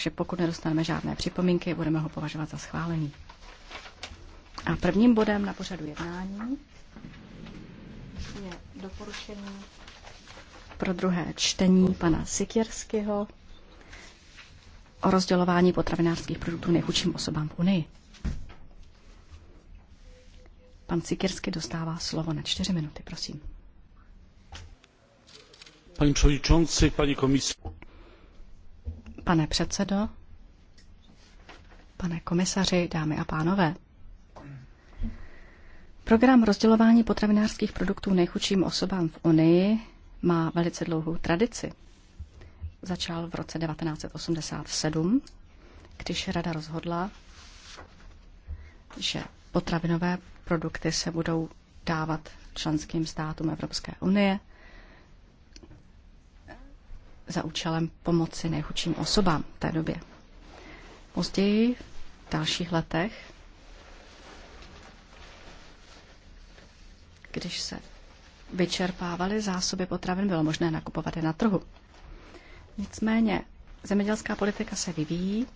Takže pokud nedostaneme žádné připomínky, budeme ho považovat za schválený. A prvním bodem na pořadu jednání je doporučení pro druhé čtení pana Sikierského o rozdělování potravinářských produktů nejchudším osobám v Unii. Pan Sikirsky dostává slovo na čtyři minuty, prosím. Pani předsedající, paní komisař. Pane předsedo, pane komisaři, dámy a pánové. Program rozdělování potravinářských produktů nejchudším osobám v Unii má velice dlouhou tradici. Začal v roce 1987, když rada rozhodla, že potravinové produkty se budou dávat členským státům Evropské unie za účelem pomoci nejchudším osobám v té době. Později, v dalších letech, když se vyčerpávaly zásoby potravin, bylo možné nakupovat je na trhu. Nicméně zemědělská politika se vyvíjí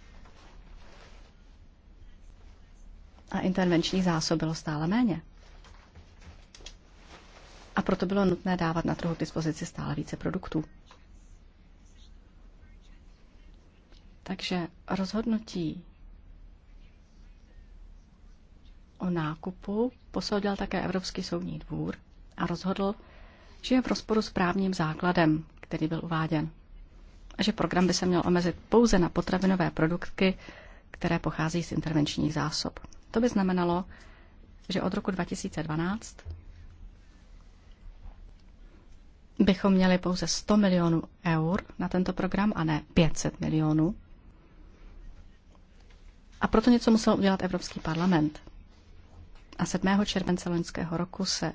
a intervenčních zásob bylo stále méně. A proto bylo nutné dávat na trhu k dispozici stále více produktů. Takže rozhodnutí o nákupu posoudil také Evropský soudní dvůr a rozhodl, že je v rozporu s právním základem, který byl uváděn, a že program by se měl omezit pouze na potravinové produkty, které pochází z intervenčních zásob. To by znamenalo, že od roku 2012 bychom měli pouze 100 milionů eur na tento program a ne 500 milionů. A proto něco musel udělat Evropský parlament. A 7. července loňského roku se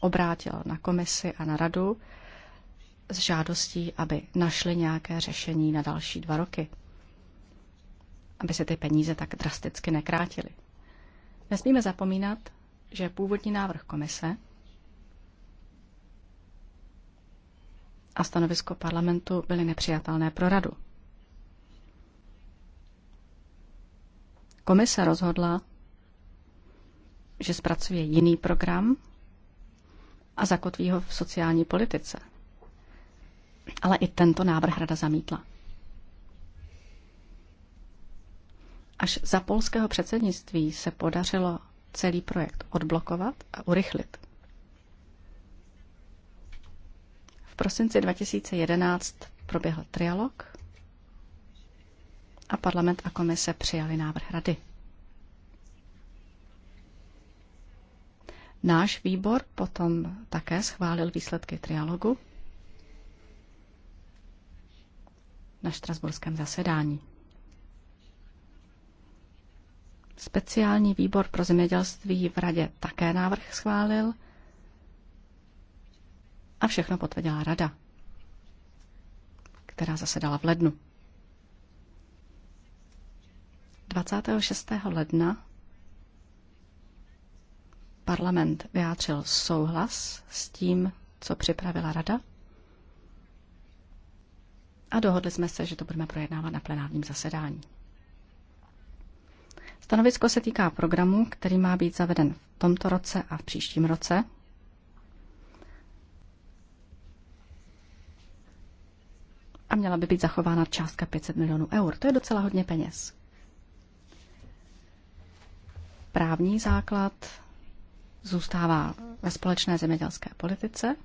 obrátil na komisi a na radu s žádostí, aby našli nějaké řešení na další dva roky. Aby se ty peníze tak drasticky nekrátily. Nesmíme zapomínat, že původní návrh komise a stanovisko parlamentu byly nepřijatelné pro radu. Komise rozhodla, že zpracuje jiný program a zakotví ho v sociální politice. Ale i tento návrh rada zamítla. Až za polského předsednictví se podařilo celý projekt odblokovat a urychlit. V prosinci 2011 proběhl trialog a parlament a komise přijali návrh rady. Náš výbor potom také schválil výsledky trialogu na štrasburském zasedání. Speciální výbor pro zemědělství v radě také návrh schválil a všechno potvrdila rada, která zasedala v lednu. 26. ledna parlament vyjádřil souhlas s tím, co připravila rada a dohodli jsme se, že to budeme projednávat na plenárním zasedání. Stanovisko se týká programu, který má být zaveden v tomto roce a v příštím roce. A měla by být zachována částka 500 milionů eur. To je docela hodně peněz. Právní základ zůstává ve společné zemědělské politice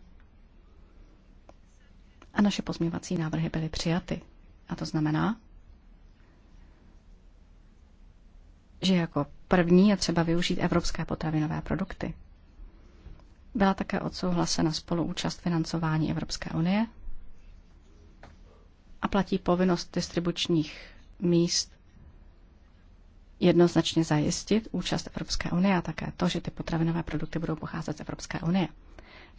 a naše pozměvací návrhy byly přijaty. A to znamená, že jako první je třeba využít evropské potravinové produkty. Byla také odsouhlasena spoluúčast financování Evropské unie a platí povinnost distribučních míst jednoznačně zajistit účast Evropské unie a také to, že ty potravinové produkty budou pocházet z Evropské unie.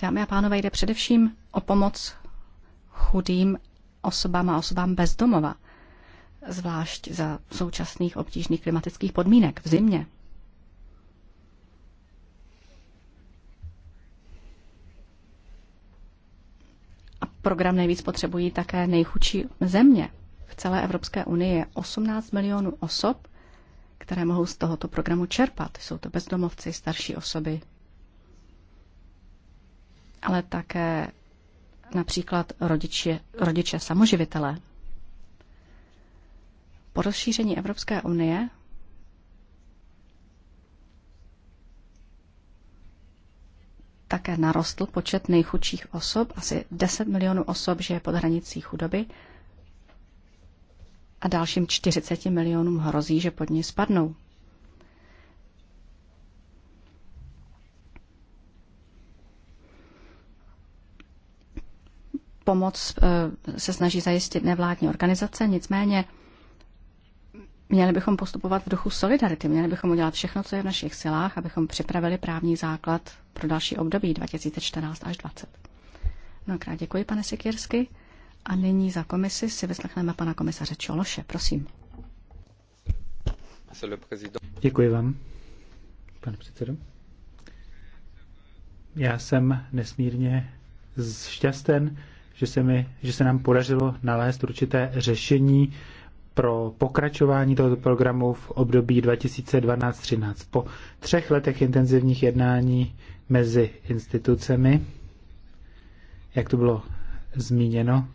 Dámy a pánové, jde především o pomoc chudým osobám a osobám bez domova, zvlášť za současných obtížných klimatických podmínek v zimě. A program nejvíc potřebují také nejchudší země. V celé Evropské unii je 18 milionů osob, které mohou z tohoto programu čerpat. Jsou to bezdomovci, starší osoby, ale také například rodiče, rodiče samoživitelé. Po rozšíření Evropské unie také narostl počet nejchudších osob, asi 10 milionů osob žije pod hranicí chudoby a dalším 40 milionům hrozí, že pod ní spadnou. Pomoc eh, se snaží zajistit nevládní organizace, nicméně měli bychom postupovat v duchu solidarity, měli bychom udělat všechno, co je v našich silách, abychom připravili právní základ pro další období 2014 až 2020. Mnohokrát děkuji, pane Sikirsky. A nyní za komisi si vyslechneme pana komisaře Čološe. Prosím. Děkuji vám, pane předsedo. Já jsem nesmírně šťasten, že se, mi, že se nám podařilo nalézt určité řešení pro pokračování tohoto programu v období 2012-13. Po třech letech intenzivních jednání mezi institucemi, jak to bylo zmíněno,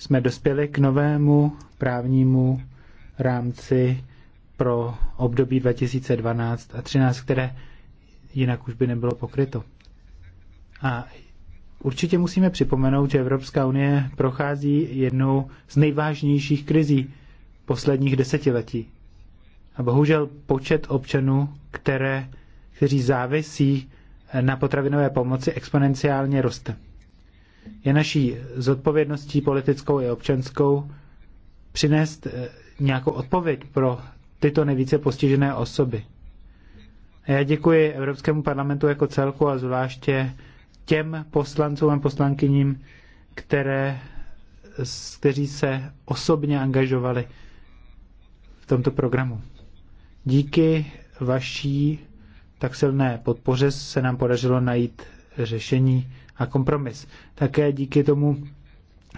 jsme dospěli k novému právnímu rámci pro období 2012 a 2013, které jinak už by nebylo pokryto. A určitě musíme připomenout, že Evropská unie prochází jednou z nejvážnějších krizí posledních desetiletí. A bohužel počet občanů, které, kteří závisí na potravinové pomoci, exponenciálně roste. Je naší zodpovědností politickou i občanskou přinést eh, nějakou odpověď pro tyto nejvíce postižené osoby. A já děkuji Evropskému parlamentu jako celku a zvláště těm poslancům a poslankyním, které, kteří se osobně angažovali v tomto programu. Díky vaší tak silné podpoře se nám podařilo najít řešení a kompromis. Také díky tomu,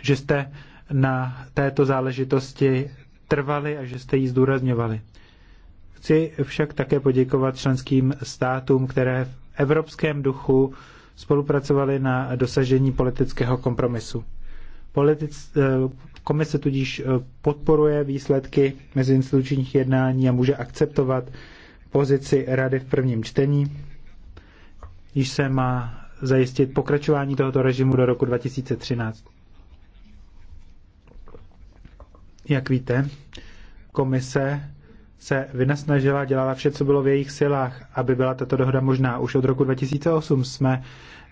že jste na této záležitosti trvali a že jste ji zdůrazňovali. Chci však také poděkovat členským státům, které v evropském duchu spolupracovali na dosažení politického kompromisu. Politic, eh, komise tudíž eh, podporuje výsledky meziinstitučních jednání a může akceptovat pozici rady v prvním čtení, již se má zajistit pokračování tohoto režimu do roku 2013. Jak víte, komise se vynasnažila, dělala vše, co bylo v jejich silách, aby byla tato dohoda možná. Už od roku 2008 jsme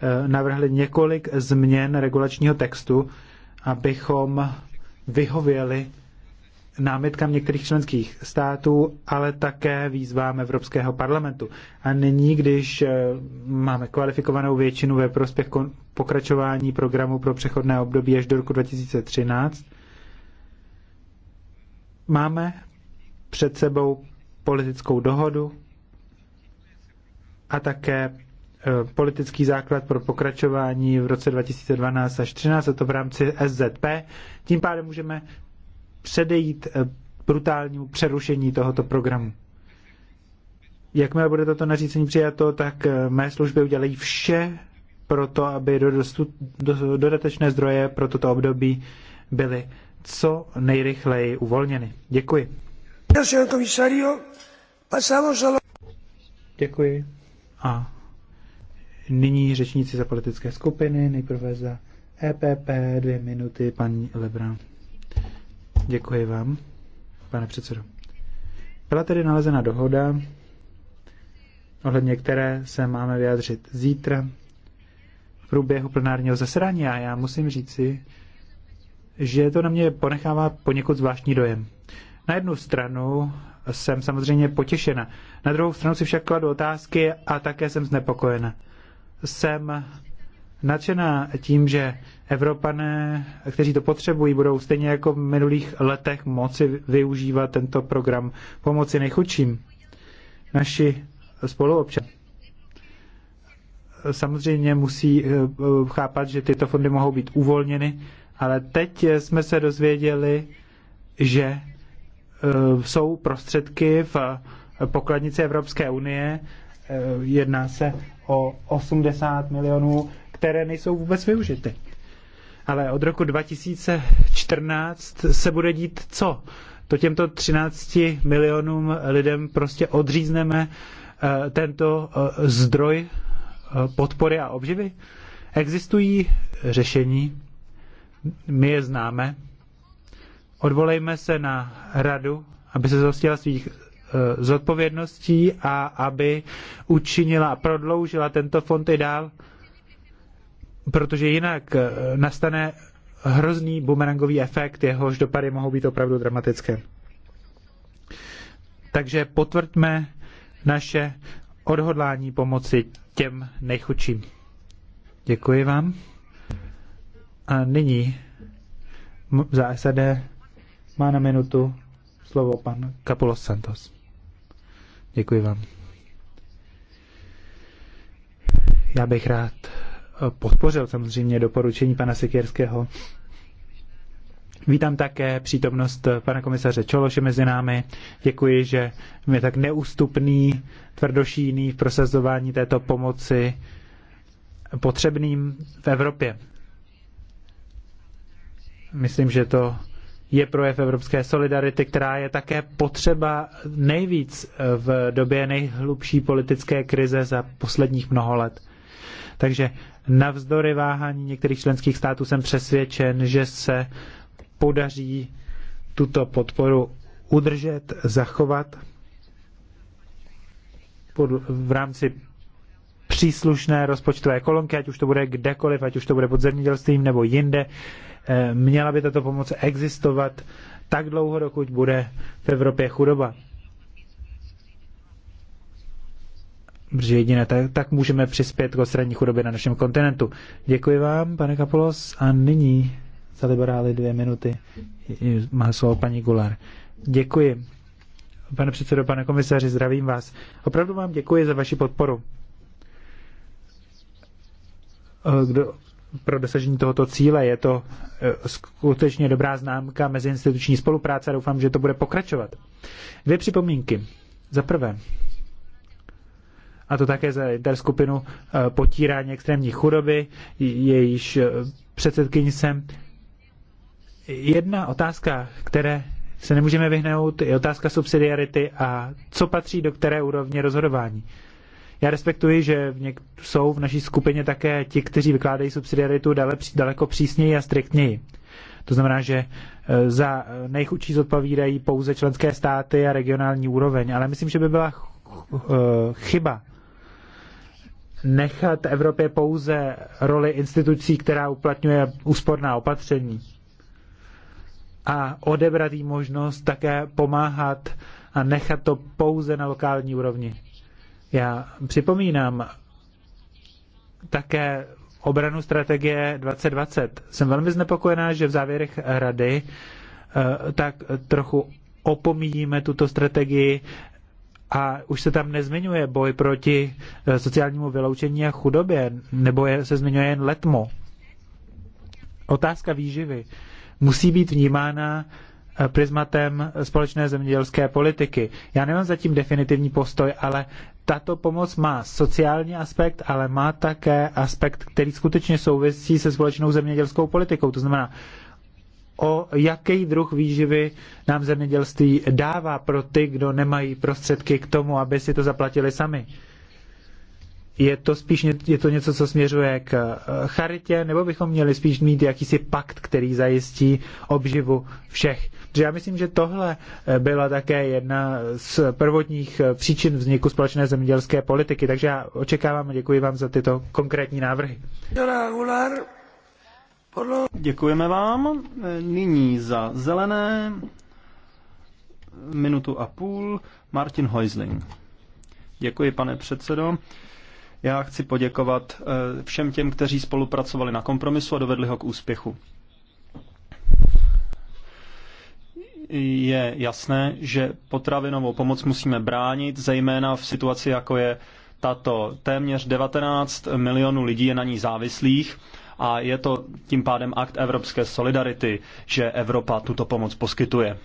eh, navrhli několik změn regulačního textu, abychom vyhověli námitkám některých členských států, ale také výzvám Evropského parlamentu. A nyní, když eh, máme kvalifikovanou většinu ve prospěch pokračování programu pro přechodné období až do roku 2013, máme před sebou politickou dohodu a také eh, politický základ pro pokračování v roce 2012 až 2013, a to v rámci SZP. Tím pádem můžeme předejít eh, brutálnímu přerušení tohoto programu. Jakmile bude toto nařízení přijato, tak eh, mé služby udělají vše pro to, aby do, dostu, do, dodatečné zdroje pro toto období byly co nejrychleji uvolněny. Děkuji. Děkuji. A nyní řečníci za politické skupiny, nejprve za EPP, dvě minuty, paní Lebrun. Děkuji vám, pane předsedo. Byla tedy nalezena dohoda, ohledně které se máme vyjádřit zítra v průběhu plenárního zasedání a já musím říci, že to na mě ponechává poněkud zvláštní dojem. Na jednu stranu jsem samozřejmě potěšena, na druhou stranu si však kladu otázky a také jsem znepokojena. Jsem nadšená tím, že Evropané, kteří to potřebují, budou stejně jako v minulých letech moci využívat tento program pomoci nejchudším. Naši spoluobčané samozřejmě musí eh, chápat, že tyto fondy mohou být uvolněny, ale teď jsme se dozvěděli, že eh, jsou prostředky v pokladnici Evropské unie, eh, jedná se o 80 milionů které nejsou vůbec využity. Ale od roku 2014 se bude dít co? To těmto 13 milionům lidem prostě odřízneme eh, tento eh, zdroj eh, podpory a obživy? Existují řešení, my je známe. Odvolejme se na radu, aby se zhostila svých zodpovědností a aby učinila a prodloužila tento fond i dál protože jinak eh, nastane hrozný bumerangový efekt, jehož dopady mohou být opravdu dramatické. Takže potvrďme naše odhodlání pomoci těm nejchudším. Děkuji vám. A nyní za SAD má na minutu slovo pan Kapulos Santos. Děkuji vám. Já bych rád podpořil samozřejmě doporučení pana Sikierského. Vítám také přítomnost pana komisaře Čološe mezi námi. Děkuji, že je tak neústupný, tvrdošíný v prosazování této pomoci potřebným v Evropě. Myslím, že to je projev evropské solidarity, která je také potřeba nejvíc v době nejhlubší politické krize za posledních mnoho let. Takže Navzdory váhání některých členských států jsem přesvědčen, že se podaří tuto podporu udržet, zachovat v rámci příslušné rozpočtové kolonky, ať už to bude kdekoliv, ať už to bude pod zemědělstvím nebo jinde, eh, měla by tato pomoc existovat tak dlouho, dokud bude v Evropě chudoba. protože jedině tak, tak můžeme přispět k odstranění chudoby na našem kontinentu. Děkuji vám, pane Kapolos, a nyní za liberály dvě minuty má slovo paní Gular. Děkuji. Pane předsedo, pane komisaři, zdravím vás. Opravdu vám děkuji za vaši podporu. Eh, kdo, pro dosažení tohoto cíle je to eh, skutečně dobrá známka meziinstituční spolupráce a doufám, že to bude pokračovat. Dvě připomínky. Za prvé, a to také za interskupinu eh, potírání extrémní chudoby, jejíž eh, předsedkyní jsem. Jedna otázka, které se nemůžeme vyhnout, je otázka subsidiarity a co patří do které úrovně rozhodování. Já respektuji, že v něk- jsou v naší skupině také ti, kteří vykládají subsidiaritu daleko přísněji a striktněji. To znamená, že eh, za nejchudší zodpovídají pouze členské státy a regionální úroveň, ale myslím, že by byla chyba nechat Evropě pouze roli institucí, která uplatňuje úsporná opatření a odebrat jí možnost také pomáhat a nechat to pouze na lokální úrovni. Já připomínám také obranu strategie 2020. Jsem velmi znepokojená, že v závěrech rady eh, tak trochu opomíjíme tuto strategii a už se tam nezmiňuje boj proti eh, sociálnímu vyloučení a chudobě, nebo je, se zmiňuje jen letmo. Otázka výživy musí být vnímána eh, prismatem společné zemědělské politiky. Já nemám zatím definitivní postoj, ale tato pomoc má sociální aspekt, ale má také aspekt, který skutečně souvisí se společnou zemědělskou politikou. To znamená, o jaký druh výživy nám zemědělství dává pro ty, kdo nemají prostředky k tomu, aby si to zaplatili sami. Je to spíš je to něco, co směřuje k eh, charitě, nebo bychom měli spíš mít jakýsi pakt, který zajistí obživu všech. Protože já myslím, že tohle eh, byla také jedna z prvotních eh, příčin vzniku společné zemědělské politiky, takže já očekávám a děkuji vám za tyto konkrétní návrhy. Děkujeme vám. Nyní za zelené minutu a půl Martin Heusling. Děkuji, pane předsedo. Já chci poděkovat eh, všem těm, kteří spolupracovali na kompromisu a dovedli ho k úspěchu. Je jasné, že potravinovou pomoc musíme bránit, zejména v situaci, jako je tato. Téměř 19 milionů lidí je na ní závislých a je to tím pádem akt evropské solidarity, že Evropa tuto pomoc poskytuje.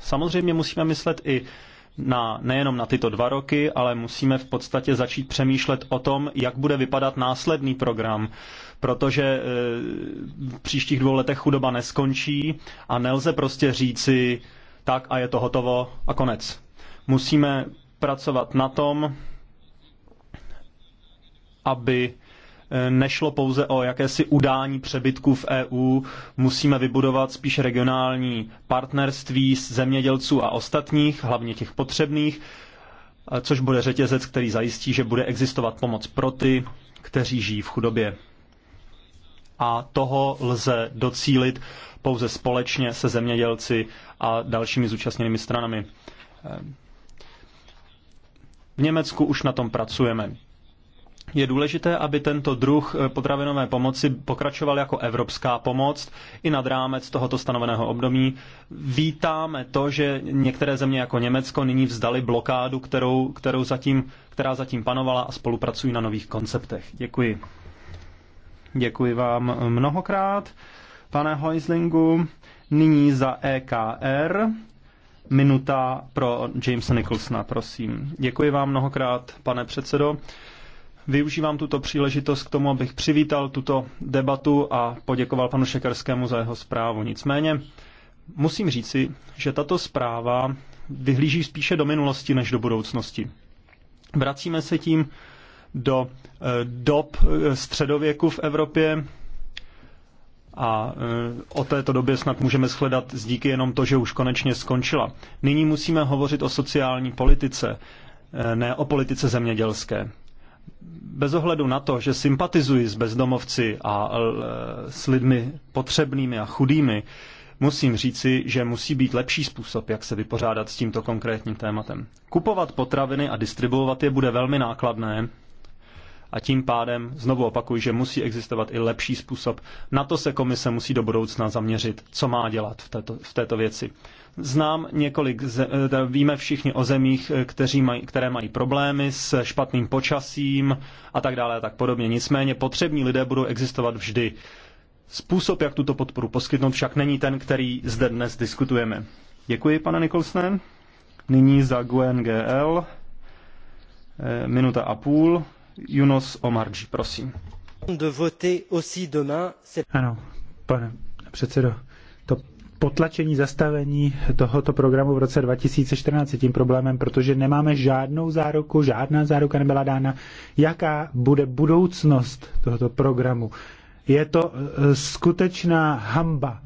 Samozřejmě musíme myslet i na, nejenom na tyto dva roky, ale musíme v podstatě začít přemýšlet o tom, jak bude vypadat následný program, protože e, v příštích dvou letech chudoba neskončí a nelze prostě říci tak a je to hotovo a konec. Musíme pracovat na tom, aby nešlo pouze o jakési udání přebytků v EU. Musíme vybudovat spíš regionální partnerství s zemědělců a ostatních, hlavně těch potřebných, což bude řetězec, který zajistí, že bude existovat pomoc pro ty, kteří žijí v chudobě. A toho lze docílit pouze společně se zemědělci a dalšími zúčastněnými stranami. V Německu už na tom pracujeme. Je důležité, aby tento druh eh, potravinové pomoci pokračoval jako evropská pomoc i nad rámec tohoto stanoveného období. Vítáme to, že některé země jako Německo nyní vzdali blokádu, kterou, kterou zatím, která zatím panovala a spolupracují na nových konceptech. Děkuji. Děkuji vám mnohokrát, pane Heuslingu. Nyní za EKR minuta pro Jamesa Nicholsona, prosím. Děkuji vám mnohokrát, pane předsedo. Využívám tuto příležitost k tomu, abych přivítal tuto debatu a poděkoval panu Šekerskému za jeho zprávu. Nicméně musím říci, že tato zpráva vyhlíží spíše do minulosti než do budoucnosti. Vracíme se tím do eh, dob eh, středověku v Evropě a eh, o této době snad můžeme shledat díky jenom to, že už konečně skončila. Nyní musíme hovořit o sociální politice, ne o politice zemědělské bez ohledu na to, že sympatizuji s bezdomovci a e, s lidmi potřebnými a chudými, musím říci, že musí být lepší způsob, jak se vypořádat s tímto konkrétním tématem. Kupovat potraviny a distribuovat je bude velmi nákladné a tím pádem znovu opakuji, že musí existovat i lepší způsob. Na to se komise musí do budoucna zaměřit, co má dělat v této, v této věci. Znám několik, eh, víme všichni o zemích, eh, kteří maj, které mají problémy s špatným počasím a tak dále a tak podobně. Nicméně potřební lidé budou existovat vždy. Způsob, jak tuto podporu poskytnout, však není ten, který zde dnes diskutujeme. Děkuji, pane Nikolsne. Nyní za GUNGL. Eh, minuta a půl. Yunus Omarji, prosím. Ano, pane předsedo, to potlačení zastavení tohoto programu v roce 2014 je tím problémem, protože nemáme žádnou záruku, žádná záruka nebyla dána, jaká bude budoucnost tohoto programu. Je to e, skutečná hamba,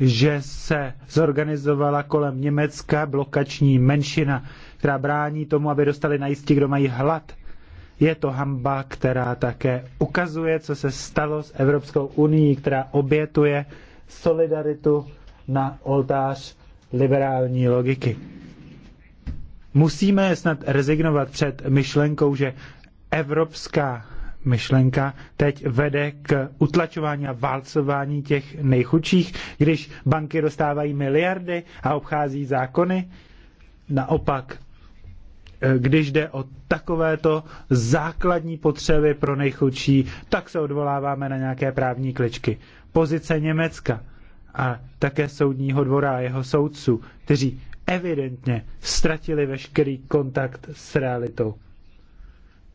že se zorganizovala kolem Německa blokační menšina, která brání tomu, aby dostali najistí, kdo mají hlad. Je to hamba, která také ukazuje, co se stalo s Evropskou unii, která obětuje solidaritu na oltář liberální logiky. Musíme snad rezignovat před myšlenkou, že evropská myšlenka teď vede k utlačování a válcování těch nejchudších, když banky dostávají miliardy a obchází zákony. Naopak Eh, když jde o takovéto základní potřeby pro nejchudší, tak se odvoláváme na nějaké právní kličky. Pozice Německa a také soudního dvora a jeho soudců, kteří evidentně ztratili veškerý kontakt s realitou.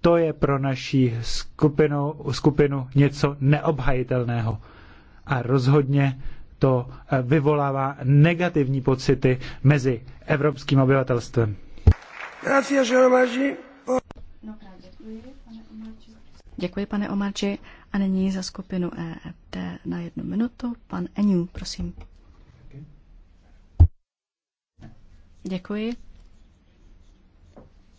To je pro naší skupinu, skupinu něco neobhajitelného. A rozhodně to eh, vyvolává negativní pocity mezi evropským obyvatelstvem. No, Děkuji, pane Omarči. A nyní za skupinu EFT e na jednu minutu. Pan Eniu, prosím. Děkuji.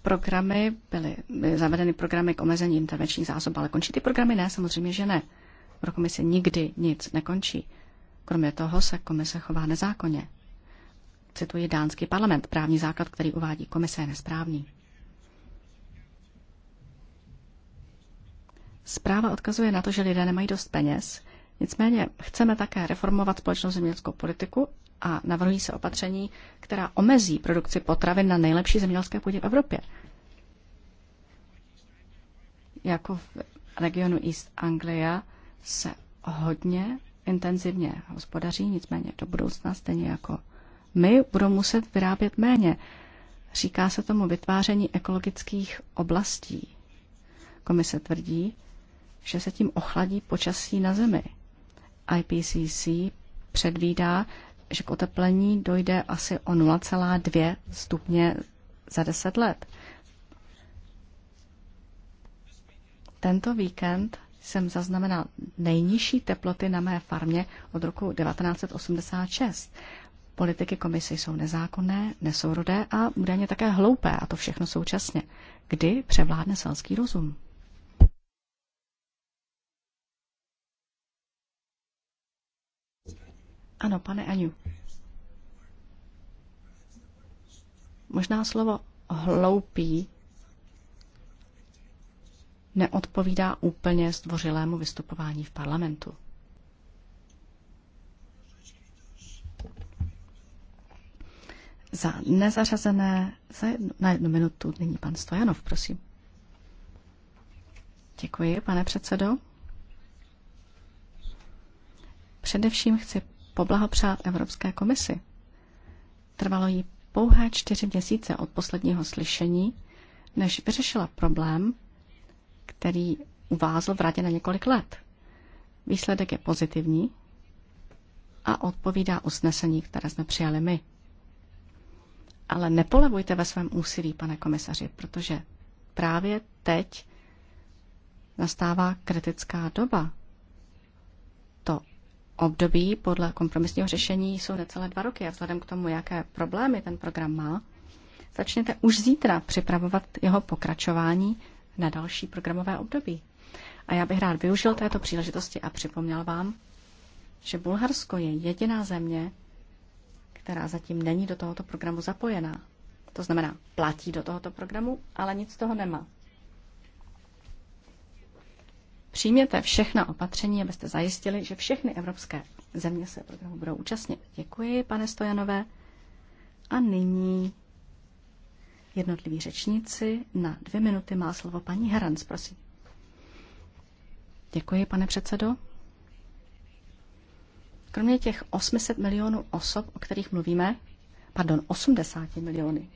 Programy byly, byly zavedeny programy k omezení intervenčních zásob, ale končí ty programy? Ne, samozřejmě, že ne. Pro komise nikdy nic nekončí. Kromě toho se komise chová nezákonně cituji dánský parlament. Právní základ, který uvádí komise, je nesprávný. Zpráva odkazuje na to, že lidé nemají dost peněz, nicméně chceme také reformovat společnou zemědělskou politiku a navrhují se opatření, která omezí produkci potravin na nejlepší zemědělské půdě v Evropě. Jako v regionu East Anglia se hodně intenzivně hospodaří, nicméně do budoucna stejně jako my budou muset vyrábět méně. Říká se tomu vytváření ekologických oblastí. Komise tvrdí, že se tím ochladí počasí na Zemi. IPCC předvídá, že k oteplení dojde asi o 0,2 stupně za 10 let. Tento víkend jsem zaznamenal nejnižší teploty na mé farmě od roku 1986 Politiky komise jsou nezákonné, nesourodé a údajně také hloupé, a to všechno současně. Kdy převládne selský rozum? Ano, pane Aňu. Možná slovo hloupý neodpovídá úplně zdvořilému vystupování v parlamentu. za nezařazené za jednu, na jednu minutu. Nyní pan Stojanov, prosím. Děkuji, pane předsedo. Především chci poblahopřát Evropské komisi. Trvalo jí pouhé čtyři měsíce od posledního slyšení, než vyřešila problém, který uvázl v radě na několik let. Výsledek je pozitivní a odpovídá usnesení, které jsme přijali my. Ale nepolevujte ve svém úsilí, pane komisaři, protože právě teď nastává kritická doba. To období podle kompromisního řešení jsou necelé dva roky a vzhledem k tomu, jaké problémy ten program má, začněte už zítra připravovat jeho pokračování na další programové období. A já bych rád využil této příležitosti a připomněl vám, že Bulharsko je jediná země, která zatím není do tohoto programu zapojená. To znamená, platí do tohoto programu, ale nic z toho nemá. Přijměte všechna opatření, abyste zajistili, že všechny evropské země se programu budou účastnit. Děkuji, pane Stojanové. A nyní jednotliví řečníci. Na dvě minuty má slovo paní Herans, prosím. Děkuji, pane předsedo. Kromě těch 800 milionů osob, o kterých mluvíme, pardon, 80 miliony,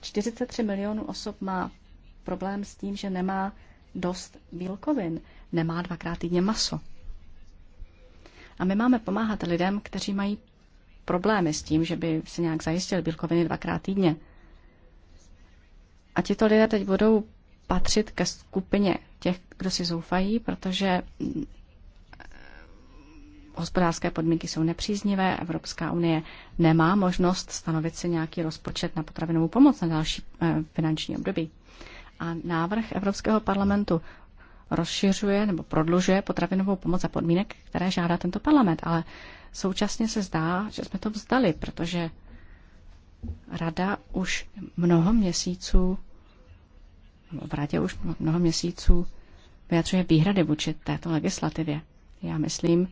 43 milionů osob má problém s tím, že nemá dost bílkovin, nemá dvakrát týdně maso. A my máme pomáhat lidem, kteří mají problémy s tím, že by se nějak zajistili bílkoviny dvakrát týdně. A tito lidé teď budou patřit ke skupině těch, kdo si zoufají, protože hospodářské podmínky jsou nepříznivé, Evropská unie nemá možnost stanovit si nějaký rozpočet na potravinovou pomoc na další eh, finanční období. A návrh Evropského parlamentu rozšiřuje nebo prodlužuje potravinovou pomoc za podmínek, které žádá tento parlament, ale současně se zdá, že jsme to vzdali, protože rada už mnoho měsíců, nebo v radě už mnoho měsíců vyjadřuje výhrady vůči této legislativě. Já myslím,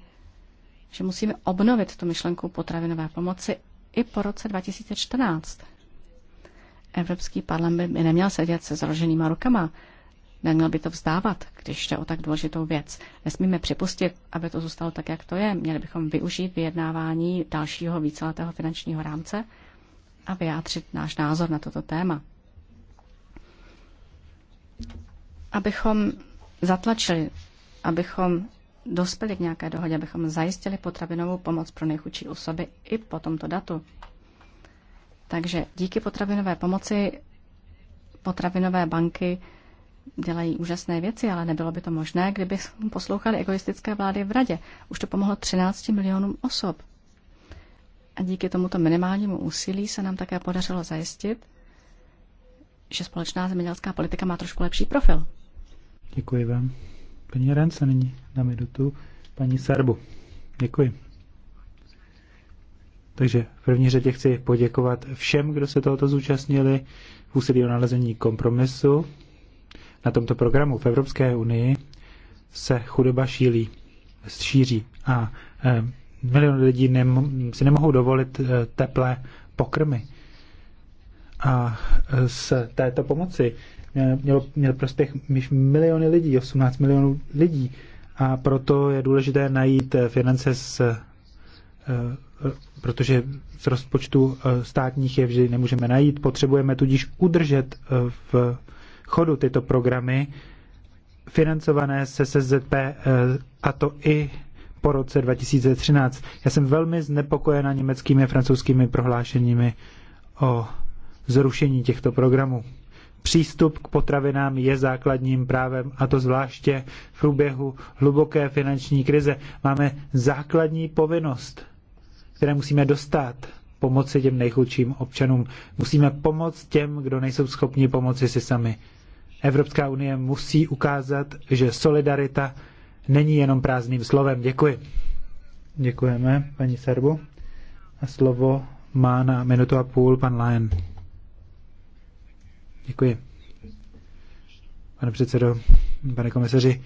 že musíme obnovit tu myšlenku potravinové pomoci i po roce 2014. Evropský parlament by neměl sedět se zroženýma rukama. Neměl by to vzdávat, když jde o tak důležitou věc. Nesmíme připustit, aby to zůstalo tak, jak to je. Měli bychom využít vyjednávání dalšího víceletého finančního rámce a vyjádřit náš názor na toto téma. Abychom zatlačili, abychom dospěli k nějaké dohodě, abychom zajistili potravinovou pomoc pro nejchudší osoby i po tomto datu. Takže díky potravinové pomoci potravinové banky dělají úžasné věci, ale nebylo by to možné, kdyby poslouchali egoistické vlády v radě. Už to pomohlo 13 milionům osob. A díky tomuto minimálnímu úsilí se nám také podařilo zajistit, že společná zemědělská politika má trošku lepší profil. Děkuji vám. Paní Rance nyní na minutu. Paní Serbu. Děkuji. Takže v první řadě chci poděkovat všem, kdo se tohoto zúčastnili v úsilí o nalezení kompromisu. Na tomto programu v Evropské unii se chudoba šílí, šíří a e, miliony lidí nem, si nemohou dovolit e, teplé pokrmy. A e, z této pomoci mělo, měl prospěch miliony lidí, 18 milionů lidí. A proto je důležité najít eh, finance z eh, eh, protože z rozpočtu státních je vždy nemůžeme najít. Potřebujeme tudíž udržet v chodu tyto programy financované se SZP a to i po roce 2013. Já jsem velmi znepokojena německými a francouzskými prohlášeními o zrušení těchto programů. Přístup k potravinám je základním právem, a to zvláště v průběhu hluboké finanční krize. Máme základní povinnost, které musíme dostat pomoci těm nejchudším občanům. Musíme pomoct těm, kdo nejsou schopni pomoci si sami. Evropská unie musí ukázat, že solidarita není jenom prázdným slovem. Děkuji. Děkujeme, paní Serbu. A slovo má na minutu a půl pan Lyon. Děkuji. Pane předsedo, pane komisaři,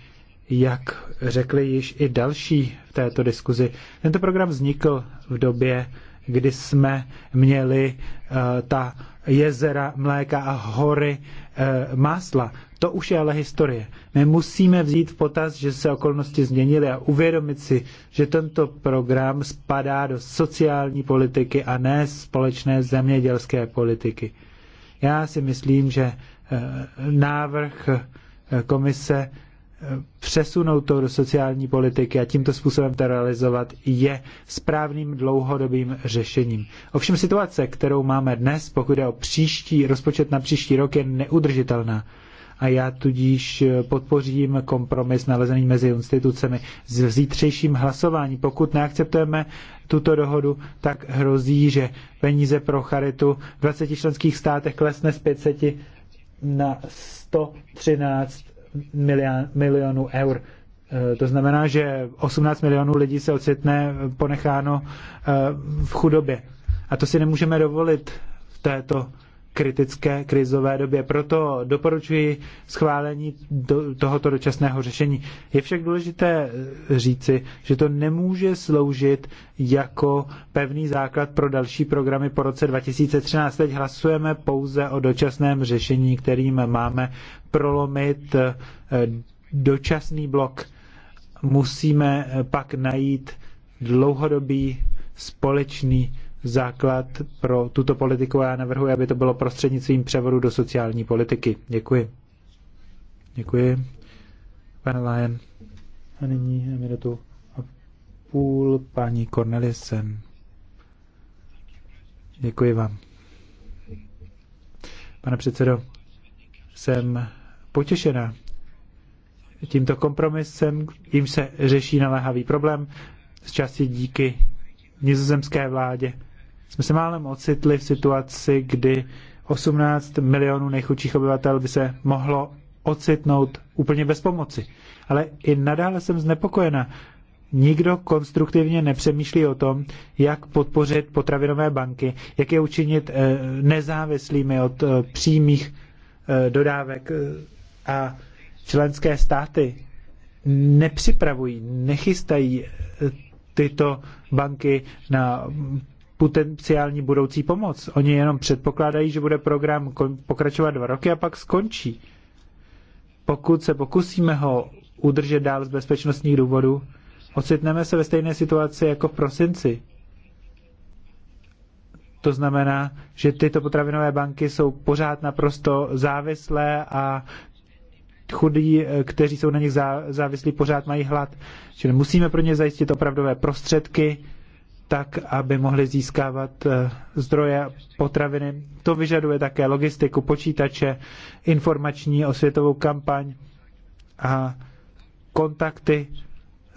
jak řekli již i další v této diskuzi, tento program vznikl v době, kdy jsme měli uh, ta jezera mléka a hory uh, másla. To už je ale historie. My musíme vzít v potaz, že se okolnosti změnily a uvědomit si, že tento program spadá do sociální politiky a ne společné zemědělské politiky. Já si myslím, že eh, návrh eh, komise eh, přesunout to do sociální politiky a tímto způsobem to realizovat je správným dlouhodobým řešením. Ovšem situace, kterou máme dnes, pokud je o příští rozpočet na příští rok, je neudržitelná a já tudíž eh, podpořím kompromis nalezený mezi institucemi. Z zítřejším hlasování, pokud neakceptujeme tuto dohodu, tak hrozí, že peníze pro charitu v 20 členských státech klesne z 500 na 113 milionů eur. Eh, to znamená, že 18 milionů lidí se ocitne eh, ponecháno v chudobě. A to si nemůžeme dovolit v této kritické krizové době. Proto doporučuji schválení do, tohoto dočasného řešení. Je však důležité eh, říci, že to nemůže sloužit jako pevný základ pro další programy po roce 2013. Teď hlasujeme pouze o dočasném řešení, kterým máme prolomit eh, dočasný blok. Musíme eh, pak najít dlouhodobý společný základ pro tuto politiku a já navrhuji, aby to bylo prostřednictvím převodu do sociální politiky. Děkuji. Děkuji. Pane Lajen. A nyní minutu a půl paní Cornelisen. Děkuji vám. Pane předsedo, jsem potěšena tímto kompromisem, jim se řeší naléhavý problém, z části díky nizozemské vládě jsme se málem ocitli v situaci, kdy 18 milionů nejchudších obyvatel by se mohlo ocitnout úplně bez pomoci. Ale i nadále jsem znepokojena. Nikdo konstruktivně nepřemýšlí o tom, jak podpořit potravinové banky, jak je učinit eh, nezávislými od eh, přímých eh, dodávek a členské státy nepřipravují, nechystají tyto banky na potenciální budoucí pomoc. Oni jenom předpokládají, že bude program pokračovat dva roky a pak skončí. Pokud se pokusíme ho udržet dál z bezpečnostních důvodů, ocitneme se ve stejné situaci jako v prosinci. To znamená, že tyto potravinové banky jsou pořád naprosto závislé a chudí, eh, kteří jsou na nich závislí, pořád mají hlad. Čili musíme pro ně zajistit opravdové prostředky, tak, aby mohli získávat eh, zdroje potraviny. To vyžaduje také logistiku, počítače, informační osvětovou kampaň a kontakty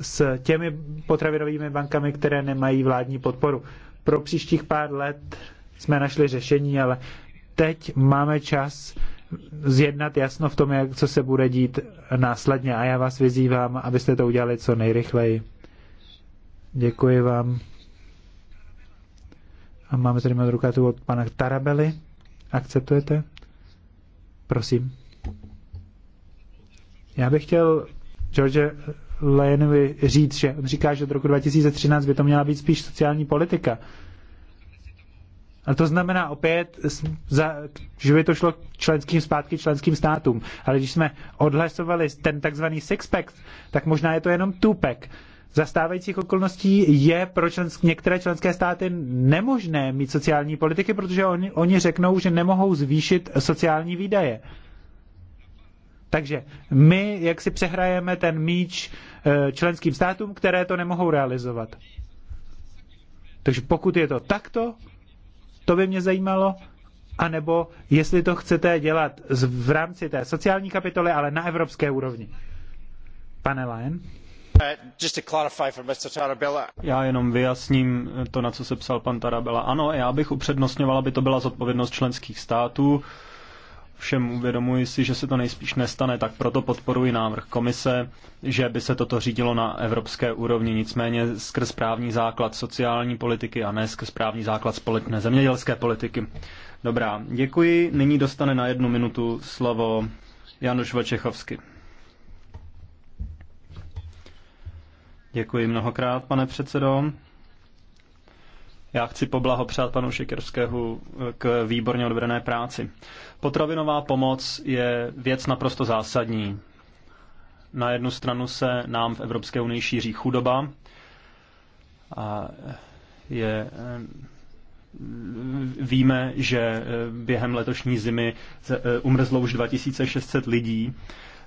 s těmi potravinovými bankami, které nemají vládní podporu. Pro příštích pár let jsme našli řešení, ale teď máme čas zjednat jasno v tom, jak, co se bude dít následně a já vás vyzývám, abyste to udělali co nejrychleji. Děkuji vám. A máme tady modrou od pana Tarabely. Akceptujete? Prosím. Já bych chtěl George Lejenovi říct, že on říká, že od roku 2013 by to měla být spíš sociální politika. Ale to znamená opět, že by to šlo členským zpátky členským státům. Ale když jsme odhlasovali ten takzvaný sixpack, tak možná je to jenom pack za stávajících okolností je pro člensk, některé členské státy nemožné mít sociální politiky, protože oni, oni řeknou, že nemohou zvýšit sociální výdaje. Takže my, jak si přehrajeme ten míč eh, členským státům, které to nemohou realizovat. Takže pokud je to takto, to by mě zajímalo, anebo jestli to chcete dělat v rámci té sociální kapitoly, ale na evropské úrovni. Pane Lajen. Uh, já jenom vyjasním to, na co se psal pan Tarabella. Ano, já bych upřednostňoval, aby to byla zodpovědnost členských států. Všem uvědomuji si, že se to nejspíš nestane, tak proto podporuji návrh komise, že by se toto řídilo na evropské úrovni, nicméně skrz právní základ sociální politiky a ne skrz právní základ společné zemědělské politiky. Dobrá, děkuji. Nyní dostane na jednu minutu slovo Januš Vačechovský. Děkuji mnohokrát, pane předsedo. Já chci poblahopřát panu Šikerskému k výborně odvedené práci. Potravinová pomoc je věc naprosto zásadní. Na jednu stranu se nám v Evropské unii šíří chudoba a je Víme, že během letošní zimy e, umrzlo už 2600 lidí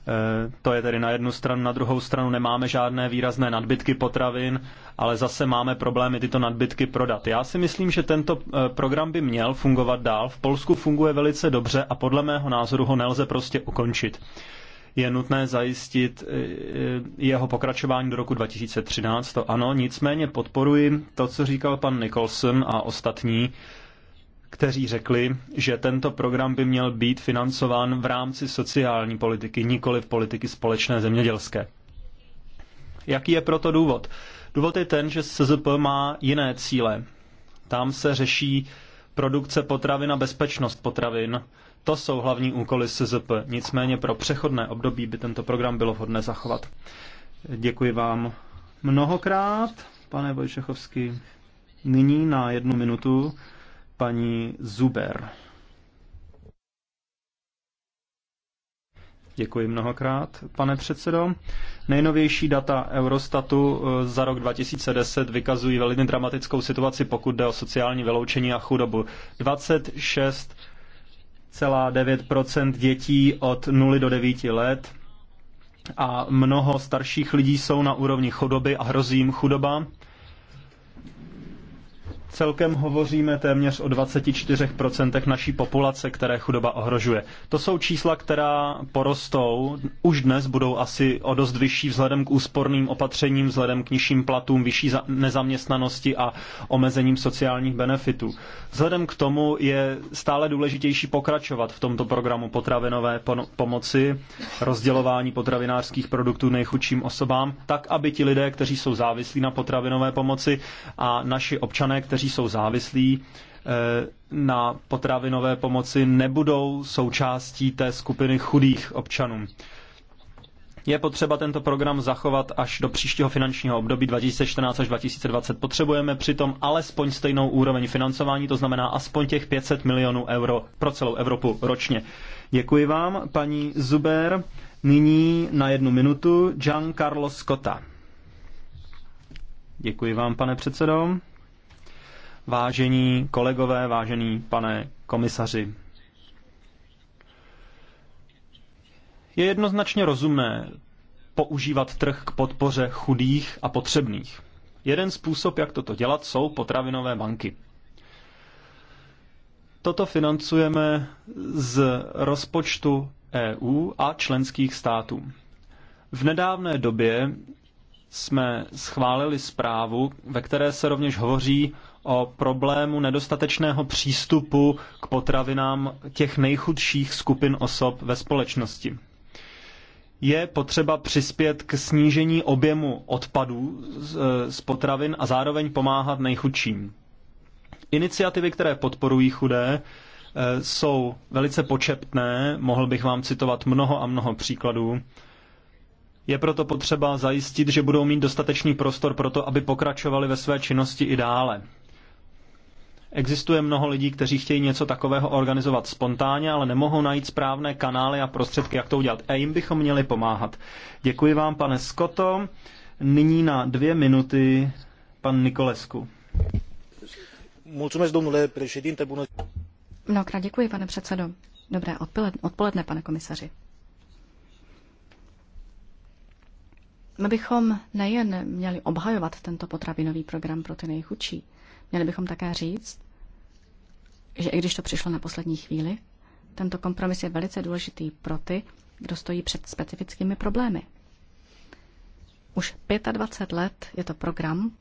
Eh, to je tedy na jednu stranu, na druhou stranu nemáme žádné výrazné nadbytky potravin, ale zase máme problémy tyto nadbytky prodat. Já si myslím, že tento eh, program by měl fungovat dál. V Polsku funguje velice dobře a podle mého názoru ho nelze prostě ukončit. Je nutné zajistit eh, jeho pokračování do roku 2013, to ano, nicméně podporuji to, co říkal pan Nicholson a ostatní, kteří řekli, že tento program by měl být financován v rámci sociální politiky, nikoli v politiky společné zemědělské. Jaký je proto důvod? Důvod je ten, že SZP má jiné cíle. Tam se řeší produkce potravin a bezpečnost potravin. To jsou hlavní úkoly SZP. Nicméně pro přechodné období by tento program bylo vhodné zachovat. Děkuji vám mnohokrát, pane Vojčechovský. Nyní na jednu minutu paní Zuber. Děkuji mnohokrát, pane předsedo. Nejnovější data Eurostatu eh, za rok 2010 vykazují velmi dramatickou situaci, pokud jde o sociální vyloučení a chudobu. 26,9 dětí od 0 do 9 let a mnoho starších lidí jsou na úrovni chudoby a hrozí jim chudoba Celkem hovoříme téměř o 24% naší populace, které chudoba ohrožuje. To jsou čísla, která porostou, už dnes budou asi o dost vyšší vzhledem k úsporným opatřením, vzhledem k nižším platům, vyšší nezaměstnanosti a omezením sociálních benefitů. Vzhledem k tomu je stále důležitější pokračovat v tomto programu potravinové pomoci, rozdělování potravinářských produktů nejchudším osobám, tak aby ti lidé, kteří jsou závislí na potravinové pomoci a naši občané, kteří kteří jsou závislí eh, na potravinové pomoci, nebudou součástí té skupiny chudých občanů. Je potřeba tento program zachovat až do příštího finančního období 2014 až 2020. Potřebujeme přitom alespoň stejnou úroveň financování, to znamená aspoň těch 500 milionů euro pro celou Evropu ročně. Děkuji vám, paní Zuber. Nyní na jednu minutu Giancarlo Scotta. Děkuji vám, pane předsedo vážení kolegové, vážený pane komisaři. Je jednoznačně rozumné používat trh k podpoře chudých a potřebných. Jeden způsob, jak toto dělat, jsou potravinové banky. Toto financujeme z rozpočtu EU a členských států. V nedávné době jsme schválili zprávu, ve které se rovněž hovoří o problému nedostatečného přístupu k potravinám těch nejchudších skupin osob ve společnosti. Je potřeba přispět k snížení objemu odpadů z potravin a zároveň pomáhat nejchudším. Iniciativy, které podporují chudé, e, jsou velice početné, mohl bych vám citovat mnoho a mnoho příkladů. Je proto potřeba zajistit, že budou mít dostatečný prostor pro to, aby pokračovali ve své činnosti i dále. Existuje mnoho lidí, kteří chtějí něco takového organizovat spontánně, ale nemohou najít správné kanály a prostředky, jak to udělat. A jim bychom měli pomáhat. Děkuji vám, pane Skoto. Nyní na dvě minuty pan Nikolesku. Mulțumesc, domnule președinte, bună... Mnohokrát děkuji, pane předsedo. Dobré odpoledne, odpoledne pane komisaři. My bychom nejen měli obhajovat tento potravinový program pro ty nejchudší, měli bychom také říct, že i když to přišlo na poslední chvíli, tento kompromis je velice důležitý pro ty, kdo stojí před specifickými problémy. Už 25 let je to program,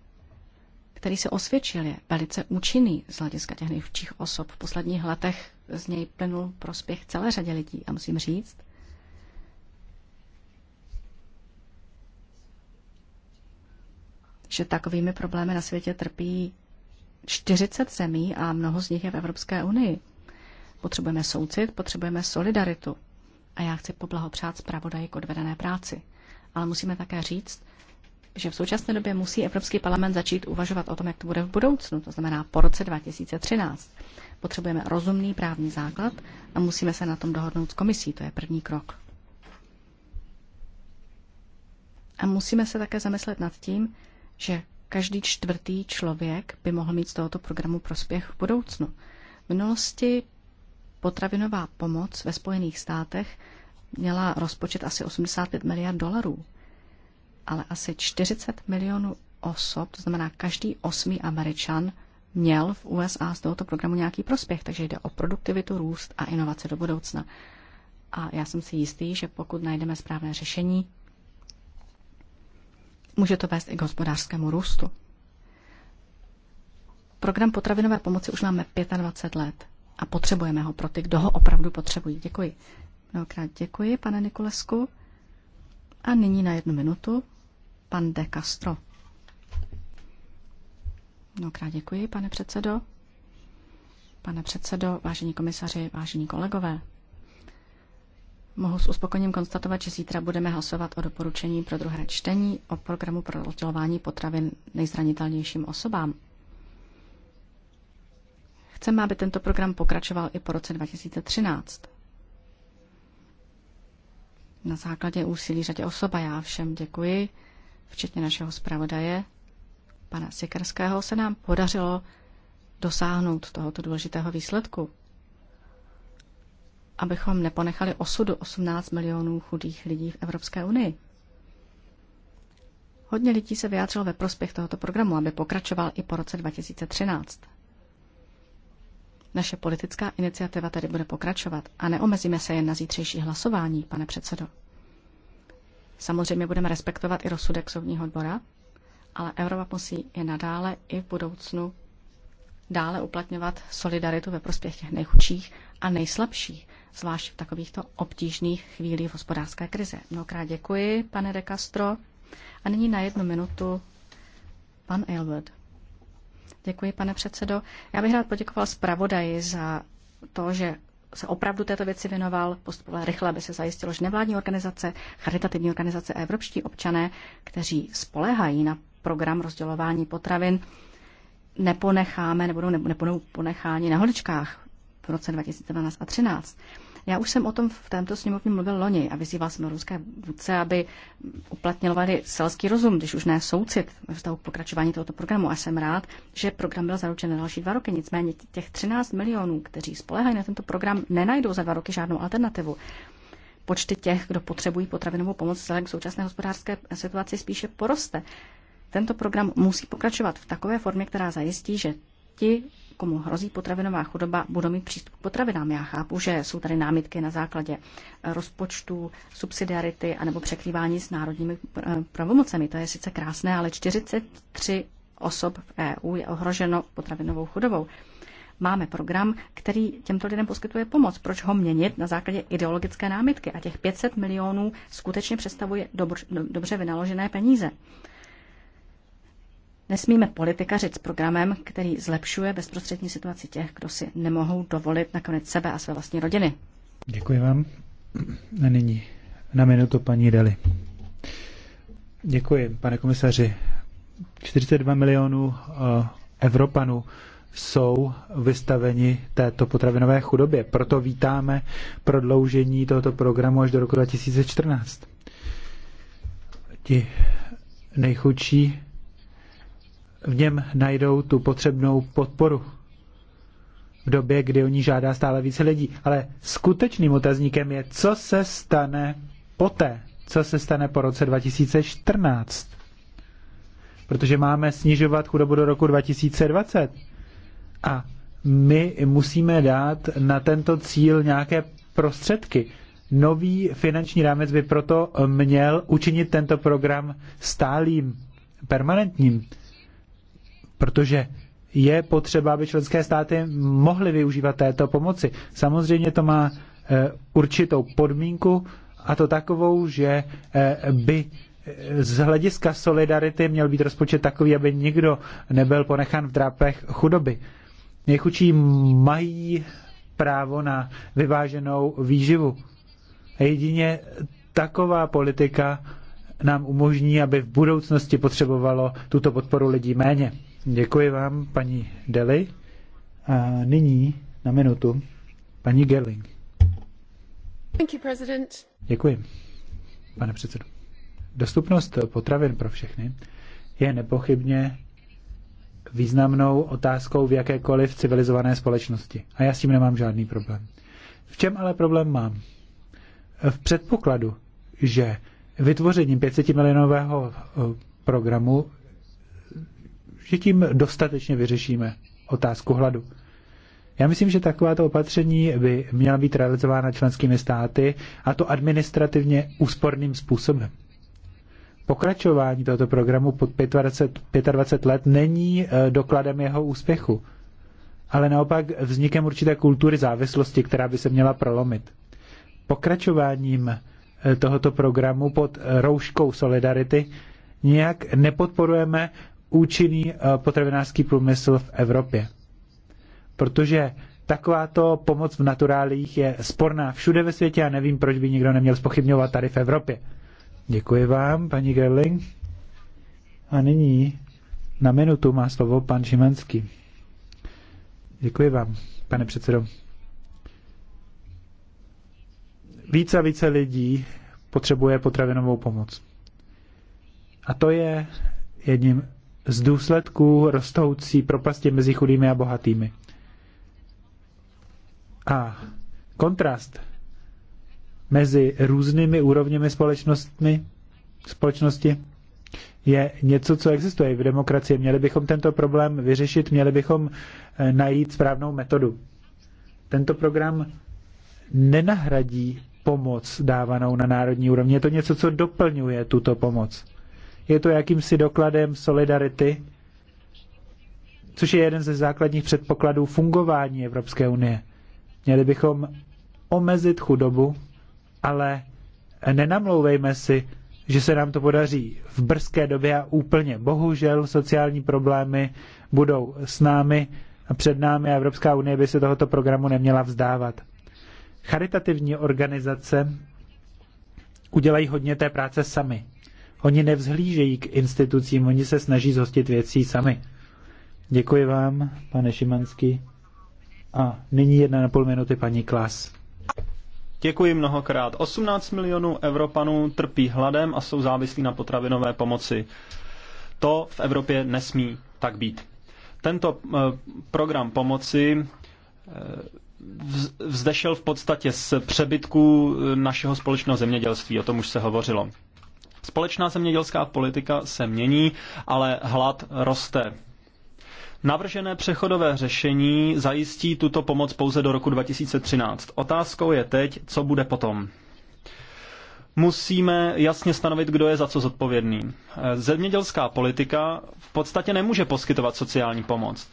který se osvědčil, je velice účinný z hlediska těch nejvčích osob. V posledních letech z něj plynul prospěch celé řadě lidí a musím říct, že takovými problémy na světě trpí 40 zemí a mnoho z nich je v Evropské unii. Potřebujeme soucit, potřebujeme solidaritu. A já chci poblahopřát zpravodaji k odvedené práci. Ale musíme také říct, že v současné době musí Evropský parlament začít uvažovat o tom, jak to bude v budoucnu, to znamená po roce 2013. Potřebujeme rozumný právní základ a musíme se na tom dohodnout s komisí, to je první krok. A musíme se také zamyslet nad tím, že Každý čtvrtý člověk by mohl mít z tohoto programu prospěch v budoucnu. V minulosti potravinová pomoc ve Spojených státech měla rozpočet asi 85 miliard dolarů, ale asi 40 milionů osob, to znamená každý osmý Američan, měl v USA z tohoto programu nějaký prospěch, takže jde o produktivitu, růst a inovace do budoucna. A já jsem si jistý, že pokud najdeme správné řešení, Může to vést i k hospodářskému růstu. Program potravinové pomoci už máme 25 let a potřebujeme ho pro ty, kdo ho opravdu potřebují. Děkuji. Mnohokrát děkuji, pane Nikolesku. A nyní na jednu minutu pan De Castro. Mnohokrát děkuji, pane předsedo. Pane předsedo, vážení komisaři, vážení kolegové. Mohu s uspokojením konstatovat, že zítra budeme hlasovat o doporučení pro druhé čtení o programu pro rozdělování potravin nejzranitelnějším osobám. Chceme, aby tento program pokračoval i po roce 2013. Na základě úsilí řadě osoba já všem děkuji, včetně našeho zpravodaje, pana Sikerského, se nám podařilo dosáhnout tohoto důležitého výsledku abychom neponechali osudu 18 milionů chudých lidí v Evropské unii. Hodně lidí se vyjádřilo ve prospěch tohoto programu, aby pokračoval i po roce 2013. Naše politická iniciativa tedy bude pokračovat a neomezíme se jen na zítřejší hlasování, pane předsedo. Samozřejmě budeme respektovat i rozsudek soudního dvora, ale Evropa musí i nadále, i v budoucnu dále uplatňovat solidaritu ve prospěch těch nejchudších a nejslabších, zvlášť v takovýchto obtížných chvílích hospodářské krize. Mnohokrát děkuji, pane De Castro. A nyní na jednu minutu pan Aylward. Děkuji, pane předsedo. Já bych rád poděkoval zpravodaji za to, že se opravdu této věci věnoval, postupoval rychle, aby se zajistilo, že nevládní organizace, charitativní organizace a evropští občané, kteří spolehají na program rozdělování potravin, neponecháme, nebudou neponou ponecháni na holičkách v roce 2012 a 2013. Já už jsem o tom v této sněmovně mluvil loni a vyzýval jsem ruské vůdce, aby uplatňovali selský rozum, když už ne soucit ve vztahu k pokračování tohoto programu. A jsem rád, že program byl zaručen na další dva roky. Nicméně těch 13 milionů, kteří spolehají na tento program, nenajdou za dva roky žádnou alternativu. Počty těch, kdo potřebují potravinovou pomoc vzhledem k současné hospodářské situaci, spíše poroste. Tento program musí pokračovat v takové formě, která zajistí, že ti komu hrozí potravinová chudoba, budou mít přístup k potravinám. Já chápu, že jsou tady námitky na základě rozpočtu, subsidiarity anebo překrývání s národními eh, pravomocemi. To je sice krásné, ale 43 osob v EU je ohroženo potravinovou chudobou. Máme program, který těmto lidem poskytuje pomoc. Proč ho měnit na základě ideologické námitky? A těch 500 milionů skutečně představuje dobře vynaložené peníze. Nesmíme politikařit s programem, který zlepšuje bezprostřední situaci těch, kdo si nemohou dovolit nakonec sebe a své vlastní rodiny. Děkuji vám. A nyní na minutu paní Deli. Děkuji, pane komisaři. 42 milionů eh, Evropanů jsou vystaveni této potravinové chudobě. Proto vítáme prodloužení tohoto programu až do roku 2014. Ti nejchudší v něm najdou tu potřebnou podporu v době, kdy o ní žádá stále více lidí. Ale skutečným otazníkem je, co se stane poté, co se stane po roce 2014. Protože máme snižovat chudobu do roku 2020. A my musíme dát na tento cíl nějaké prostředky. Nový finanční rámec by proto měl učinit tento program stálým, permanentním protože je potřeba, aby členské státy mohly využívat této pomoci. Samozřejmě to má eh, určitou podmínku, a to takovou, že eh, by eh, z hlediska solidarity měl být rozpočet takový, aby nikdo nebyl ponechan v drápech chudoby. Nejchučí mají právo na vyváženou výživu. Jedině taková politika nám umožní, aby v budoucnosti potřebovalo tuto podporu lidí méně. Děkuji vám, paní Deli. A nyní na minutu paní Gerling. You, Děkuji, pane předsedo. Dostupnost potravin pro všechny je nepochybně významnou otázkou v jakékoliv civilizované společnosti. A já s tím nemám žádný problém. V čem ale problém mám? V předpokladu, že vytvořením 500 milionového eh, programu že tím dostatečně vyřešíme otázku hladu. Já myslím, že takováto opatření by měla být realizována členskými státy a to administrativně úsporným způsobem. Pokračování tohoto programu pod 25, 25 let není e, dokladem jeho úspěchu, ale naopak vznikem určité kultury závislosti, která by se měla prolomit. Pokračováním e, tohoto programu pod rouškou solidarity nijak nepodporujeme účinný eh, potravinářský průmysl v Evropě. Protože takováto pomoc v naturálích je sporná všude ve světě a nevím, proč by nikdo neměl spochybňovat tady v Evropě. Děkuji vám, paní Gerling. A nyní na minutu má slovo pan Šimanský. Děkuji vám, pane předsedo. Více a více lidí potřebuje potravinovou pomoc. A to je jedním z důsledků rostoucí propasti mezi chudými a bohatými. A kontrast mezi různými úrovněmi společnostmi, společnosti je něco, co existuje v demokracii. Měli bychom tento problém vyřešit, měli bychom eh, najít správnou metodu. Tento program nenahradí pomoc dávanou na národní úrovni. Je to něco, co doplňuje tuto pomoc. Je to jakýmsi dokladem solidarity, což je jeden ze základních předpokladů fungování Evropské unie. Měli bychom omezit chudobu, ale nenamlouvejme si, že se nám to podaří v brzké době a úplně. Bohužel sociální problémy budou s námi a před námi a Evropská unie by se tohoto programu neměla vzdávat. Charitativní organizace udělají hodně té práce sami. Oni nevzhlížejí k institucím, oni se snaží zhostit věcí sami. Děkuji vám, pane Šimanský. A nyní jedna na půl minuty paní Klas. Děkuji mnohokrát. 18 milionů Evropanů trpí hladem a jsou závislí na potravinové pomoci. To v Evropě nesmí tak být. Tento eh, program pomoci eh, vzdešel v podstatě z přebytků eh, našeho společného zemědělství, o tom už se hovořilo. Společná zemědělská politika se mění, ale hlad roste. Navržené přechodové řešení zajistí tuto pomoc pouze do roku 2013. Otázkou je teď, co bude potom. Musíme jasně stanovit, kdo je za co zodpovědný. Zemědělská politika v podstatě nemůže poskytovat sociální pomoc.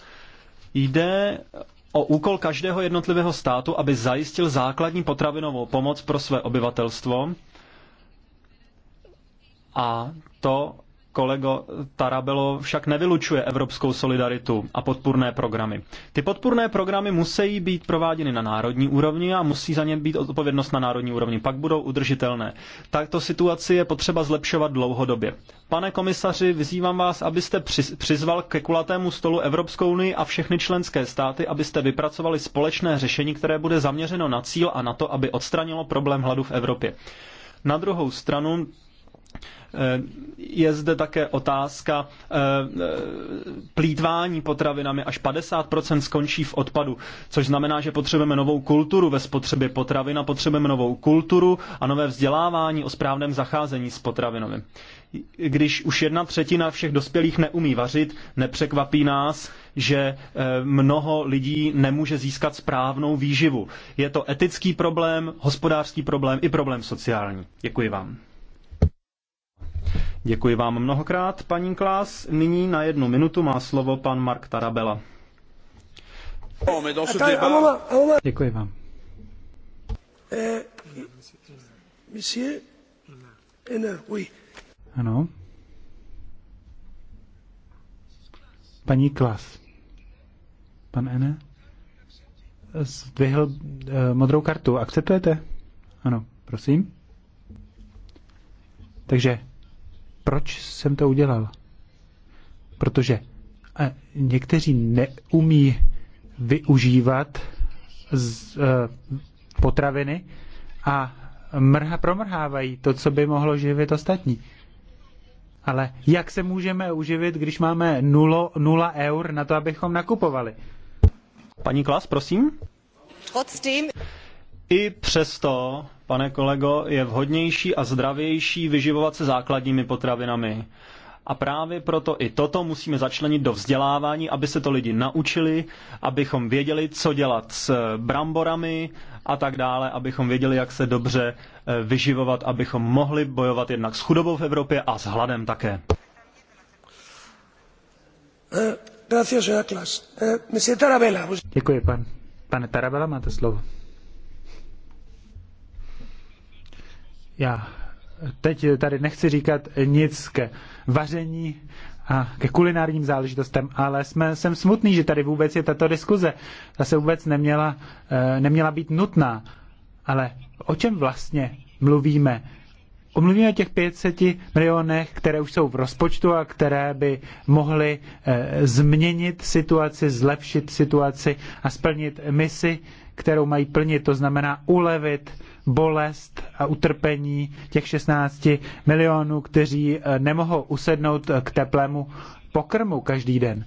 Jde o úkol každého jednotlivého státu, aby zajistil základní potravinovou pomoc pro své obyvatelstvo a to, kolego Tarabelo, však nevylučuje evropskou solidaritu a podpůrné programy. Ty podpůrné programy musí být prováděny na národní úrovni a musí za ně být odpovědnost na národní úrovni. Pak budou udržitelné. Takto situaci je potřeba zlepšovat dlouhodobě. Pane komisaři, vyzývám vás, abyste přizval ke kulatému stolu Evropskou unii a všechny členské státy, abyste vypracovali společné řešení, které bude zaměřeno na cíl a na to, aby odstranilo problém hladu v Evropě. Na druhou stranu Eh, je zde také otázka eh, plítvání potravinami. Až 50% skončí v odpadu, což znamená, že potřebujeme novou kulturu ve spotřebě potravin a potřebujeme novou kulturu a nové vzdělávání o správném zacházení s potravinami. Když už jedna třetina všech dospělých neumí vařit, nepřekvapí nás, že eh, mnoho lidí nemůže získat správnou výživu. Je to etický problém, hospodářský problém i problém sociální. Děkuji vám. Děkuji vám mnohokrát, paní Klás. Nyní na jednu minutu má slovo pan Mark Tarabela. Děkuji vám. Ano. Paní Klas. Pan Ene? Zdvihl uh, modrou kartu. Akceptujete? Ano, prosím. Takže proč jsem to udělal? Protože eh, někteří neumí využívat z, uh, potraviny a mrha, promrhávají to, co by mohlo živit ostatní. Ale jak se můžeme uživit, když máme 0 nula eur na to, abychom nakupovali? Paní Klas, prosím. Trotzdem. I přesto, pane kolego, je vhodnější a zdravější vyživovat se základními potravinami. A právě proto i toto musíme začlenit do vzdělávání, aby se to lidi naučili, abychom věděli, co dělat s bramborami a tak dále, abychom věděli, jak se dobře eh, vyživovat, abychom mohli bojovat jednak s chudobou v Evropě a s hladem také. Eh, eh, Děkuji, pan, pane Tarabela, máte slovo. Já teď tady nechci říkat nic ke vaření a ke kulinárním záležitostem, ale jsme, jsem smutný, že tady vůbec je tato diskuze. Ta se vůbec neměla, eh, neměla být nutná. Ale o čem vlastně mluvíme? Mluvíme o těch 500 milionech, které už jsou v rozpočtu a které by mohly eh, změnit situaci, zlepšit situaci a splnit misi, kterou mají plnit, to znamená ulevit bolest a utrpení těch 16 milionů, kteří eh, nemohou usednout eh, k teplému pokrmu každý den.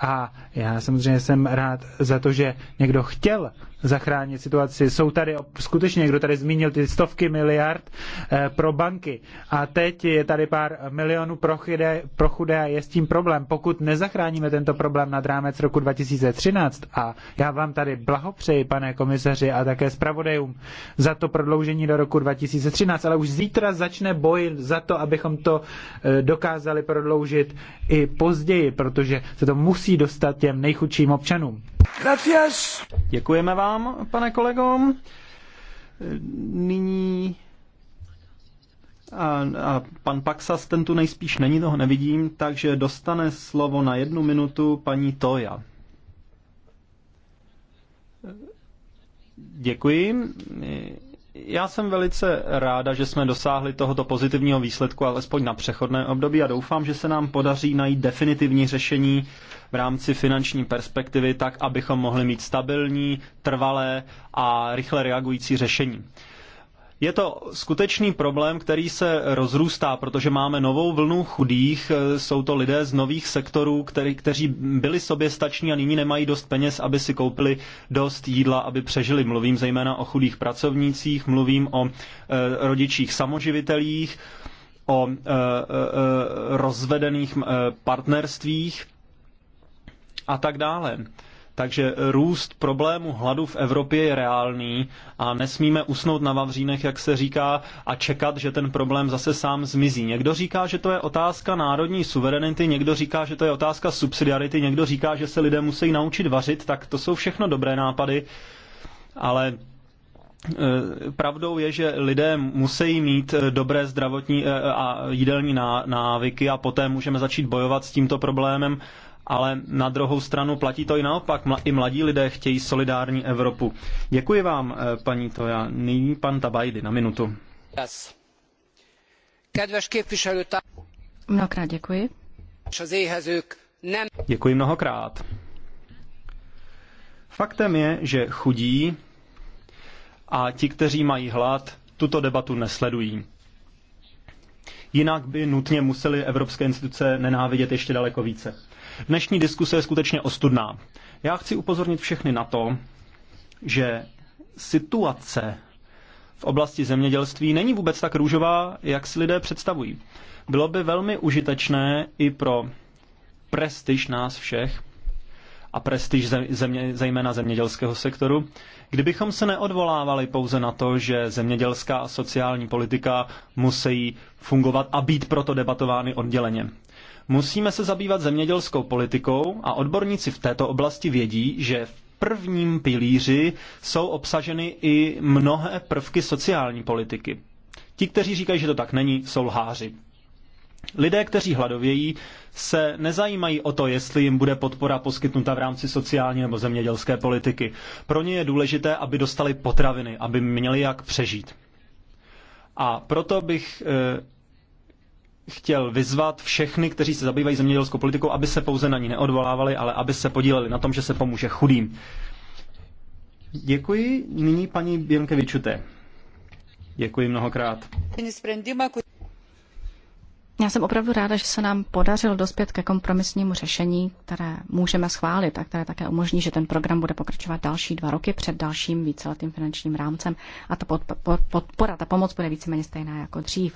A já samozřejmě jsem rád za to, že někdo chtěl zachránit situaci. Jsou tady skutečně, někdo tady zmínil ty stovky miliard eh, pro banky a teď je tady pár milionů pro chudé, pro chudé a je s tím problém. Pokud nezachráníme tento problém nad rámec roku 2013 a já vám tady blahopřeji, pane komisaři a také zpravodajům za to prodloužení do roku 2013, ale už zítra začne boj za to, abychom to eh, dokázali prodloužit i později, protože se to musí dostat těm nejchudším občanům. Gracias. Děkujeme vám, pane kolegom. Nyní a, a pan Paxas, ten tu nejspíš není, toho nevidím, takže dostane slovo na jednu minutu paní Toja. Děkuji. Já jsem velice ráda, že jsme dosáhli tohoto pozitivního výsledku, alespoň na přechodné období a doufám, že se nám podaří najít definitivní řešení v rámci finanční perspektivy tak, abychom mohli mít stabilní, trvalé a rychle reagující řešení. Je to skutečný problém, který se rozrůstá, protože máme novou vlnu chudých. Jsou to lidé z nových sektorů, který, kteří byli sobě stační a nyní nemají dost peněz, aby si koupili dost jídla, aby přežili. Mluvím zejména o chudých pracovnících, mluvím o e, rodičích samoživitelích, o e, e, rozvedených partnerstvích a tak dále. Takže růst problému hladu v Evropě je reálný a nesmíme usnout na vavřínech, jak se říká, a čekat, že ten problém zase sám zmizí. Někdo říká, že to je otázka národní suverenity, někdo říká, že to je otázka subsidiarity, někdo říká, že se lidé musí naučit vařit, tak to jsou všechno dobré nápady, ale e, Pravdou je, že lidé musí mít e, dobré zdravotní e, a jídelní návyky a poté můžeme začít bojovat s tímto problémem ale na druhou stranu platí to i naopak. I mladí lidé chtějí solidární Evropu. Děkuji vám, eh, paní Toja. Nyní pan Tabajdy na minutu. Mnohokrát děkuji. Děkuji mnohokrát. Faktem je, že chudí a ti, kteří mají hlad, tuto debatu nesledují. Jinak by nutně museli evropské instituce nenávidět ještě daleko více. Dnešní diskuse je skutečně ostudná. Já chci upozornit všechny na to, že situace v oblasti zemědělství není vůbec tak růžová, jak si lidé představují. Bylo by velmi užitečné i pro prestiž nás všech a prestiž země, zejména zemědělského sektoru, kdybychom se neodvolávali pouze na to, že zemědělská a sociální politika musí fungovat a být proto debatovány odděleně. Musíme se zabývat zemědělskou politikou a odborníci v této oblasti vědí, že v prvním pilíři jsou obsaženy i mnohé prvky sociální politiky. Ti, kteří říkají, že to tak není, jsou lháři. Lidé, kteří hladovějí, se nezajímají o to, jestli jim bude podpora poskytnuta v rámci sociální nebo zemědělské politiky. Pro ně je důležité, aby dostali potraviny, aby měli jak přežít. A proto bych eh, chtěl vyzvat všechny, kteří se zabývají zemědělskou politikou, aby se pouze na ní neodvolávali, ale aby se podíleli na tom, že se pomůže chudým. Děkuji. Nyní paní Běnkevičuté. Děkuji mnohokrát. Já jsem opravdu ráda, že se nám podařilo dospět ke kompromisnímu řešení, které můžeme schválit a které také umožní, že ten program bude pokračovat další dva roky před dalším víceletým finančním rámcem a ta podpora, ta pomoc bude víceméně stejná jako dřív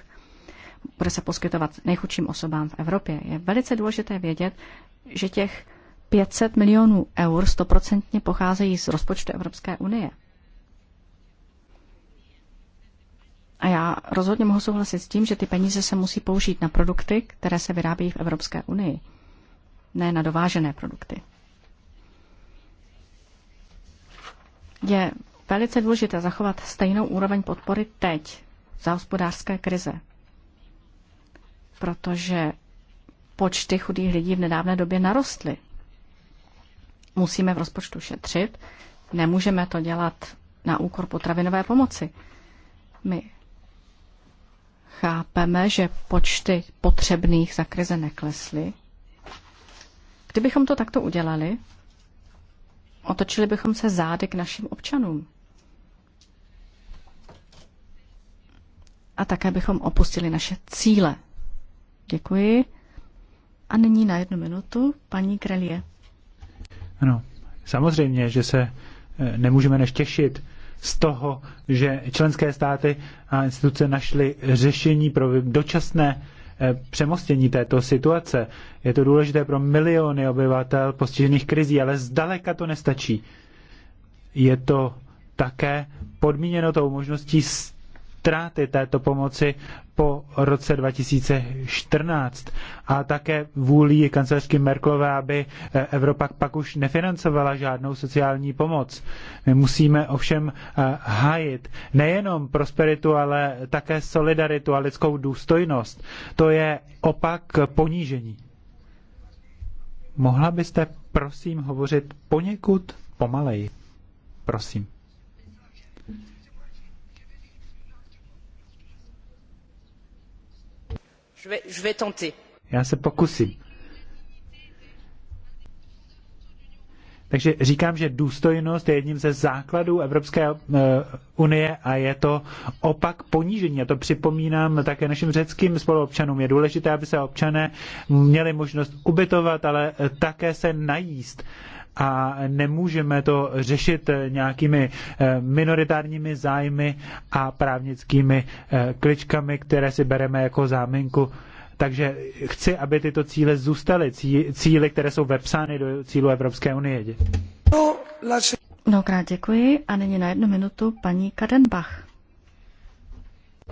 bude se poskytovat nejchudším osobám v Evropě. Je velice důležité vědět, že těch 500 milionů eur stoprocentně pocházejí z rozpočtu Evropské unie. A já rozhodně mohu souhlasit s tím, že ty peníze se musí použít na produkty, které se vyrábějí v Evropské unii, ne na dovážené produkty. Je velice důležité zachovat stejnou úroveň podpory teď, za hospodářské krize protože počty chudých lidí v nedávné době narostly. Musíme v rozpočtu šetřit, nemůžeme to dělat na úkor potravinové pomoci. My chápeme, že počty potřebných za krize neklesly. Kdybychom to takto udělali, otočili bychom se zády k našim občanům. A také bychom opustili naše cíle Děkuji. A nyní na jednu minutu paní Krelie. Ano, samozřejmě, že se eh, nemůžeme než těšit z toho, že členské státy a instituce našly řešení pro dočasné eh, přemostění této situace. Je to důležité pro miliony obyvatel postižených krizí, ale zdaleka to nestačí. Je to také podmíněno tou možností ztráty této pomoci po roce 2014 a také vůli kancelářky Merklové, aby eh, Evropa pak už nefinancovala žádnou sociální pomoc. My musíme ovšem eh, hájit nejenom prosperitu, ale také solidaritu a lidskou důstojnost. To je opak ponížení. Mohla byste prosím hovořit poněkud pomaleji? Prosím. Já se pokusím. Takže říkám, že důstojnost je jedním ze základů Evropské eh, unie a je to opak ponížení. A to připomínám také našim řeckým spoluobčanům. Je důležité, aby se občané měli možnost ubytovat, ale také se najíst a nemůžeme to řešit eh, nějakými eh, minoritárními zájmy a právnickými eh, kličkami, které si bereme jako záminku. Takže chci, aby tyto cíle zůstaly, cíly, které jsou vepsány do cílu Evropské unie. No, Mnohokrát děkuji a nyní na jednu minutu paní Kadenbach.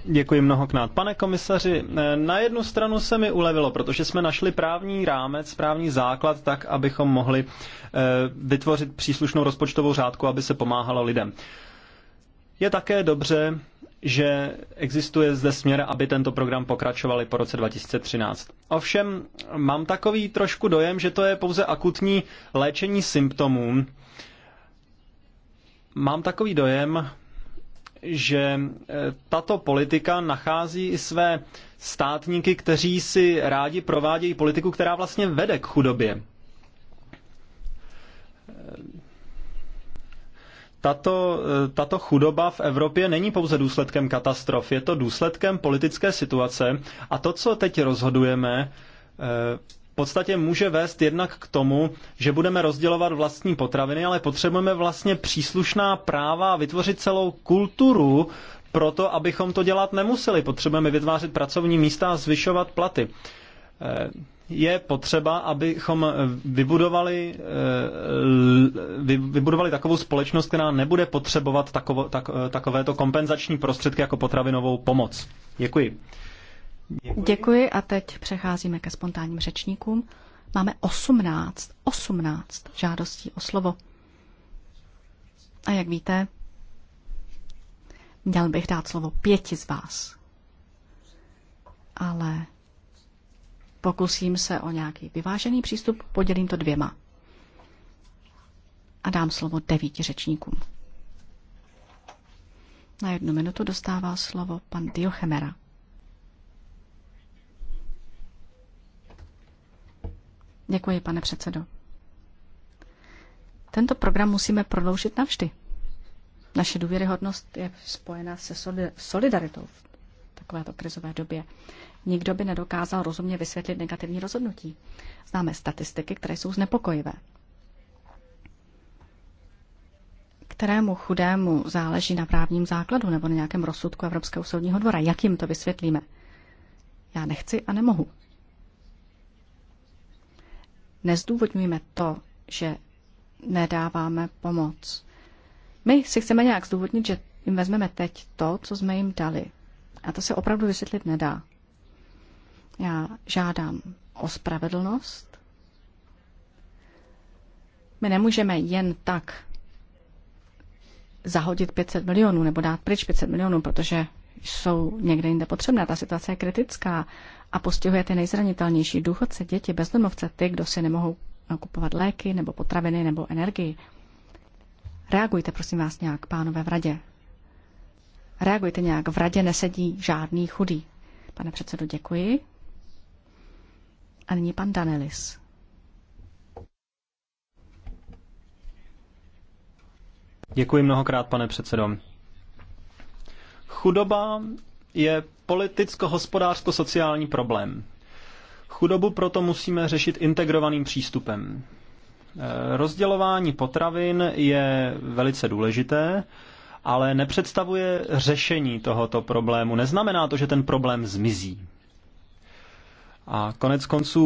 Děkuji mnohokrát. Pane komisaři, eh, na jednu stranu se mi ulevilo, protože jsme našli právní rámec, právní základ tak, abychom mohli eh, vytvořit příslušnou rozpočtovou řádku, aby se pomáhalo lidem. Je také dobře, že existuje zde směr, aby tento program pokračoval i po roce 2013. Ovšem, mám takový trošku dojem, že to je pouze akutní léčení symptomů. Mám takový dojem, že eh, tato politika nachází i své státníky, kteří si rádi provádějí politiku, která vlastně vede k chudobě. Eh, tato, eh, tato chudoba v Evropě není pouze důsledkem katastrof, je to důsledkem politické situace a to, co teď rozhodujeme, podstatě může vést jednak k tomu, že budeme rozdělovat vlastní potraviny, ale potřebujeme vlastně příslušná práva a vytvořit celou kulturu proto, abychom to dělat nemuseli. Potřebujeme vytvářet pracovní místa a zvyšovat platy. Eh, je potřeba, abychom vybudovali, eh, vybudovali takovou společnost, která nebude potřebovat eh, takovéto kompenzační prostředky jako potravinovou pomoc. Děkuji. Děkuji. Děkuji a teď přecházíme ke spontánním řečníkům. Máme 18, 18 žádostí o slovo. A jak víte, měl bych dát slovo pěti z vás. Ale pokusím se o nějaký vyvážený přístup, podělím to dvěma. A dám slovo devíti řečníkům. Na jednu minutu dostává slovo pan Diochemera. Děkuji, pane předsedo. Tento program musíme prodloužit navždy. Naše důvěryhodnost je spojena se solidaritou v takovéto krizové době. Nikdo by nedokázal rozumně vysvětlit negativní rozhodnutí. Známe statistiky, které jsou znepokojivé. Kterému chudému záleží na právním základu nebo na nějakém rozsudku Evropského soudního dvora? Jak jim to vysvětlíme? Já nechci a nemohu nezdůvodňujme to, že nedáváme pomoc. My si chceme nějak zdůvodnit, že jim vezmeme teď to, co jsme jim dali. A to se opravdu vysvětlit nedá. Já žádám o spravedlnost. My nemůžeme jen tak zahodit 500 milionů nebo dát pryč 500 milionů, protože jsou někde jinde potřebné. Ta situace je kritická a postihuje ty nejzranitelnější důchodce, děti, bezdomovce, ty, kdo si nemohou kupovat léky nebo potraviny nebo energii. Reagujte, prosím vás, nějak, pánové v radě. Reagujte nějak, v radě nesedí žádný chudý. Pane předsedo, děkuji. A nyní pan Danelis. Děkuji mnohokrát, pane předsedo. Chudoba je politicko-hospodářsko-sociální problém. Chudobu proto musíme řešit integrovaným přístupem. Eh, rozdělování potravin je velice důležité, ale nepředstavuje řešení tohoto problému. Neznamená to, že ten problém zmizí. A konec konců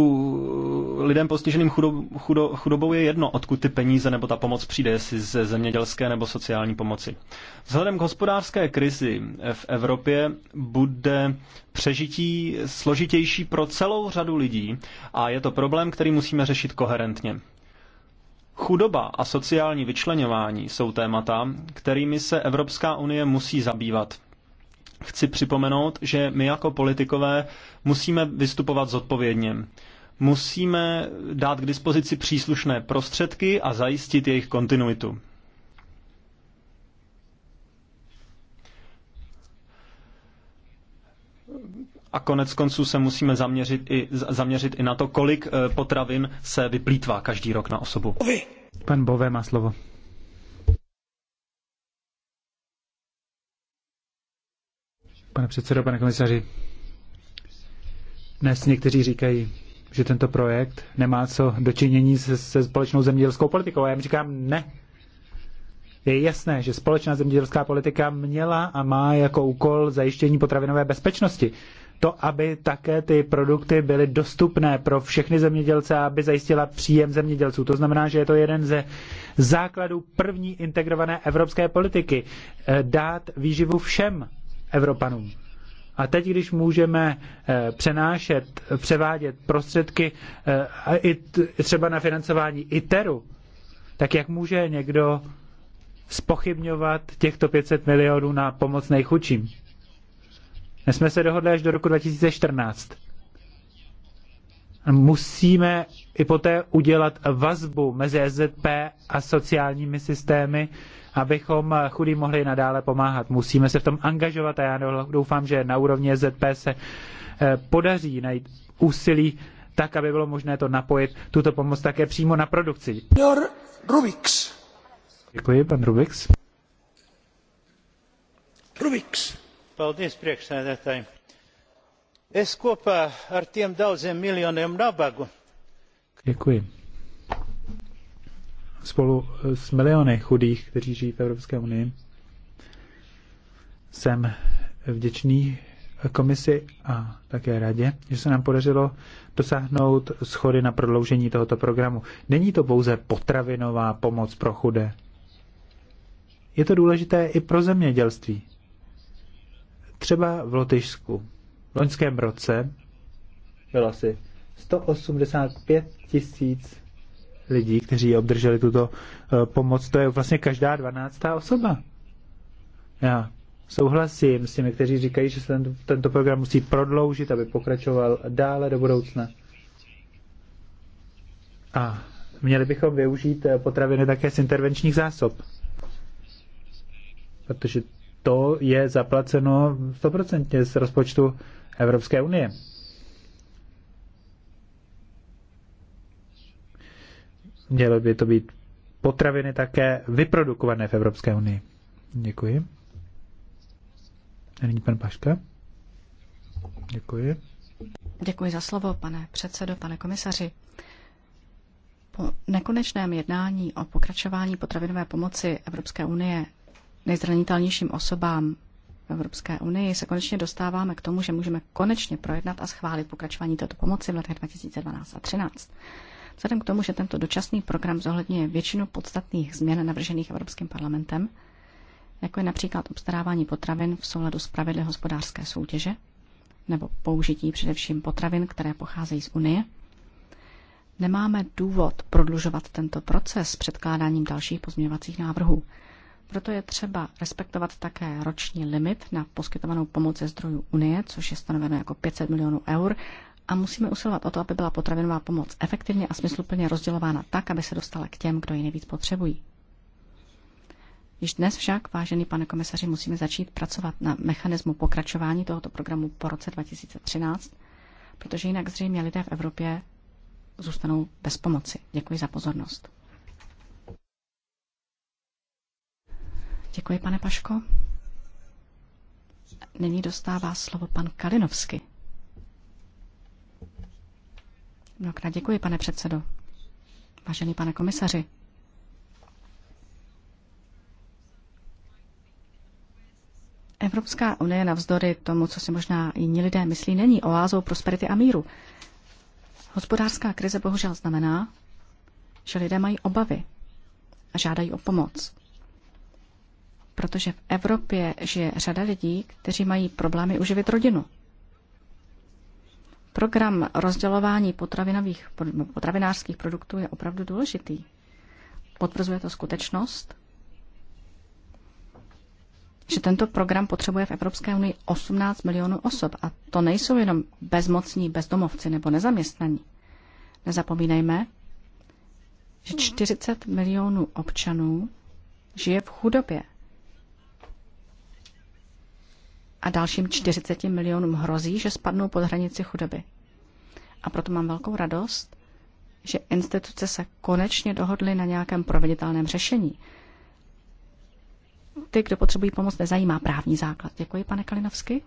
eh, lidem postiženým chudo, chudobou je jedno, odkud ty peníze nebo ta pomoc přijde, jestli ze zemědělské nebo sociální pomoci. Vzhledem k hospodářské krizi eh, v Evropě bude přežití složitější pro celou řadu lidí a je to problém, který musíme řešit koherentně. Chudoba a sociální vyčlenování jsou témata, kterými se Evropská unie musí zabývat chci připomenout, že my jako politikové musíme vystupovat zodpovědně. Musíme dát k dispozici příslušné prostředky a zajistit jejich kontinuitu. A konec konců se musíme zaměřit i, zaměřit i na to, kolik eh, potravin se vyplýtvá každý rok na osobu. Pan Bové má slovo. Pane předsedo, pane komisaři, dnes někteří říkají, že tento projekt nemá co dočinění se, se společnou zemědělskou politikou. A já jim říkám ne. Je jasné, že společná zemědělská politika měla a má jako úkol zajištění potravinové bezpečnosti. To, aby také ty produkty byly dostupné pro všechny zemědělce, a aby zajistila příjem zemědělců. To znamená, že je to jeden ze základů první integrované evropské politiky. Eh, dát výživu všem Evropanům. A teď, když můžeme eh, přenášet, převádět prostředky eh, i třeba na financování ITERu, tak jak může někdo spochybňovat těchto 500 milionů na pomoc nejchučím? My jsme se dohodli až do roku 2014. Musíme i poté udělat vazbu mezi SZP a sociálními systémy, abychom chudým mohli nadále pomáhat. Musíme se v tom angažovat a já doufám, že na úrovni ZP se eh, podaří najít úsilí tak, aby bylo možné to napojit, tuto pomoc také přímo na produkci. Rubiks. Děkuji, pan Rubix? Rubix. Paldies, priekšsēdētāji. Es kopā ar tiem daudziem miljoniem nabagu. Děkuji spolu s miliony chudých, kteří žijí v Evropské unii. Jsem vděčný komisi a také radě, že se nám podařilo dosáhnout schody na prodloužení tohoto programu. Není to pouze potravinová pomoc pro chudé. Je to důležité i pro zemědělství. Třeba v Lotyšsku. V loňském roce bylo asi 185 tisíc lidí, kteří obdrželi tuto eh, pomoc. To je vlastně každá dvanáctá osoba. Já souhlasím s těmi, kteří říkají, že se tento, tento program musí prodloužit, aby pokračoval dále do budoucna. A měli bychom využít eh, potraviny také z intervenčních zásob. Protože to je zaplaceno 100% z rozpočtu Evropské unie. Mělo by to být potraviny také vyprodukované v Evropské unii. Děkuji. A nyní pan Paška. Děkuji. Děkuji za slovo, pane předsedo, pane komisaři. Po nekonečném jednání o pokračování potravinové pomoci Evropské unie nejzranitelnějším osobám v Evropské unii se konečně dostáváme k tomu, že můžeme konečně projednat a schválit pokračování této pomoci v letech 2012 a 2013. Vzhledem k tomu, že tento dočasný program zohledňuje většinu podstatných změn navržených Evropským parlamentem, jako je například obstarávání potravin v souladu s pravidly hospodářské soutěže, nebo použití především potravin, které pocházejí z Unie, nemáme důvod prodlužovat tento proces předkládáním dalších pozměňovacích návrhů. Proto je třeba respektovat také roční limit na poskytovanou pomoc ze zdrojů Unie, což je stanoveno jako 500 milionů eur a musíme usilovat o to, aby byla potravinová pomoc efektivně a smysluplně rozdělována tak, aby se dostala k těm, kdo ji nejvíc potřebují. Již dnes však, vážený pane komisaři, musíme začít pracovat na mechanismu pokračování tohoto programu po roce 2013, protože jinak zřejmě lidé v Evropě zůstanou bez pomoci. Děkuji za pozornost. Děkuji, pane Paško. Nyní dostává slovo pan Kalinovsky. Mnohokrát děkuji, pane předsedo. Vážený pane komisaři. Evropská unie navzdory tomu, co si možná jiní lidé myslí, není oázou prosperity a míru. Hospodářská krize bohužel znamená, že lidé mají obavy a žádají o pomoc. Protože v Evropě žije řada lidí, kteří mají problémy uživit rodinu. Program rozdělování potravinových, no, potravinářských produktů je opravdu důležitý. Potvrzuje to skutečnost, že tento program potřebuje v Evropské unii 18 milionů osob a to nejsou jenom bezmocní bezdomovci nebo nezaměstnaní. Nezapomínejme, že 40 milionů občanů žije v chudobě a dalším 40 milionům hrozí, že spadnou pod hranici chudoby. A proto mám velkou radost, že instituce se konečně dohodly na nějakém proveditelném řešení. Ty, kdo potřebují pomoc, nezajímá právní základ. Děkuji, pane Kalinovsky.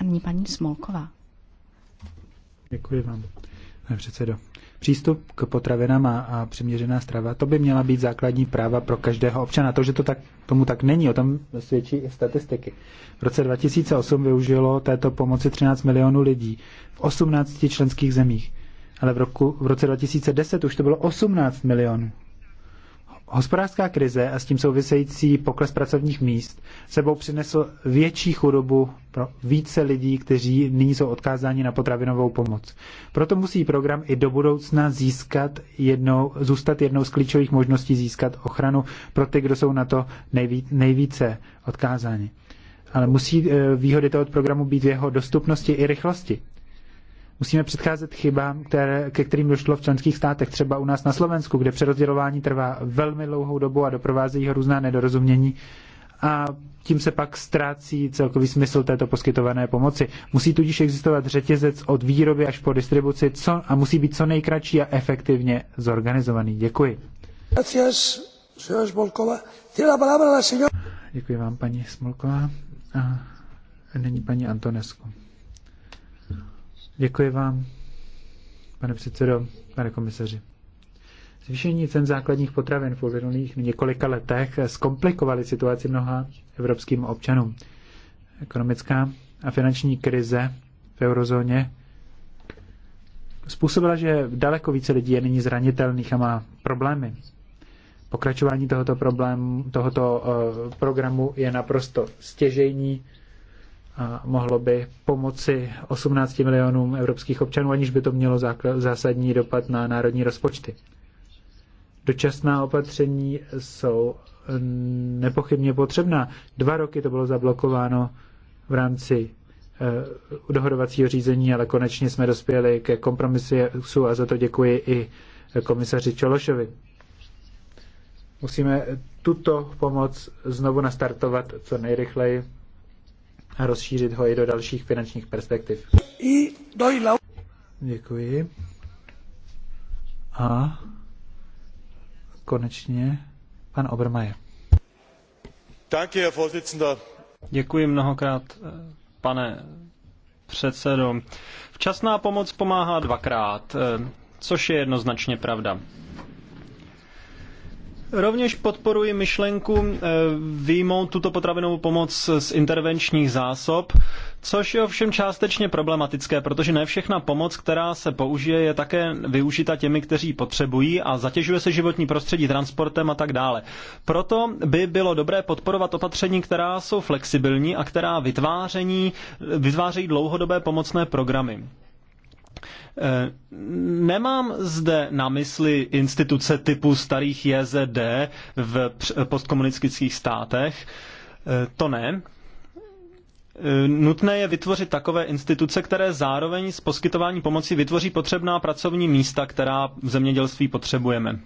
A nyní paní Smolková. Děkuji vám, pane předsedo. Přístup k potravinám a, a přiměřená strava, to by měla být základní práva pro každého občana. To, že to tak, tomu tak není, o tom svědčí i statistiky. V roce 2008 využilo této pomoci 13 milionů lidí v 18 členských zemích. Ale v, roku, v roce 2010 už to bylo 18 milionů. Hospodářská krize a s tím související pokles pracovních míst sebou přinesl větší chudobu pro více lidí, kteří nyní jsou odkázáni na potravinovou pomoc. Proto musí program i do budoucna získat jednou, zůstat jednou z klíčových možností získat ochranu pro ty, kdo jsou na to nejvíce odkázáni. Ale musí eh, výhody toho programu být v jeho dostupnosti i rychlosti. Musíme předcházet chybám, které, ke kterým došlo v členských státech, třeba u nás na Slovensku, kde přerozdělování trvá velmi dlouhou dobu a doprovázejí ho různá nedorozumění a tím se pak ztrácí celkový smysl této poskytované pomoci. Musí tudíž existovat řetězec od výroby až po distribuci co, a musí být co nejkratší a efektivně zorganizovaný. Děkuji. Děkuji vám, paní Smolková. A není paní Antonesku. Děkuji vám, pane předsedo, pane komisaři. Zvýšení cen základních potravin v uvědomých několika letech zkomplikovaly situaci mnoha evropským občanům. Ekonomická a finanční krize v eurozóně způsobila, že daleko více lidí je nyní zranitelných a má problémy. Pokračování tohoto, problému, tohoto eh, programu je naprosto stěžejní a mohlo by pomoci 18 milionům evropských občanů, aniž by to mělo zásadní dopad na národní rozpočty. Dočasná opatření jsou nepochybně potřebná. Dva roky to bylo zablokováno v rámci eh, dohodovacího řízení, ale konečně jsme dospěli ke kompromisu a za to děkuji i komisaři Čološovi. Musíme tuto pomoc znovu nastartovat co nejrychleji a rozšířit ho i do dalších finančních perspektiv. Děkuji. A konečně pan Obermajer. Děkuji mnohokrát, pane předsedo. Včasná pomoc pomáhá dvakrát, což je jednoznačně pravda. Rovněž podporuji myšlenku eh, výjmout tuto potravinovou pomoc z intervenčních zásob, což je ovšem částečně problematické, protože ne všechna pomoc, která se použije, je také využita těmi, kteří potřebují a zatěžuje se životní prostředí transportem a tak dále. Proto by bylo dobré podporovat opatření, která jsou flexibilní a která vytváření, vytvářejí dlouhodobé pomocné programy. Eh, nemám zde na mysli instituce typu starých JZD v postkomunistických státech, eh, to ne. Eh, nutné je vytvořit takové instituce, které zároveň s poskytování pomoci vytvoří potřebná pracovní místa, která v zemědělství potřebujeme.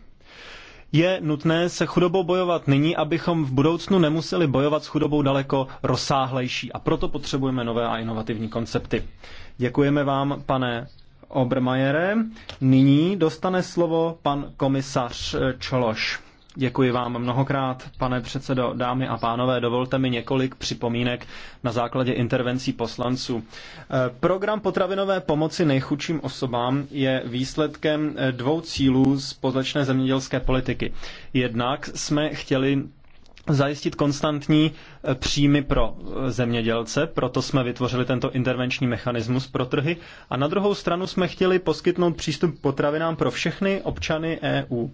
Je nutné se chudobou bojovat nyní, abychom v budoucnu nemuseli bojovat s chudobou daleko rozsáhlejší. A proto potřebujeme nové a inovativní koncepty. Děkujeme vám, pane Obermajere. Nyní dostane slovo pan komisař eh, Čološ. Děkuji vám mnohokrát, pane předsedo, dámy a pánové. Dovolte mi několik připomínek na základě intervencí poslanců. Eh, program potravinové pomoci nejchudším osobám je výsledkem eh, dvou cílů společné zemědělské politiky. Jednak jsme chtěli zajistit konstantní eh, příjmy pro eh, zemědělce, proto jsme vytvořili tento intervenční mechanismus pro trhy a na druhou stranu jsme chtěli poskytnout přístup k potravinám pro všechny občany EU.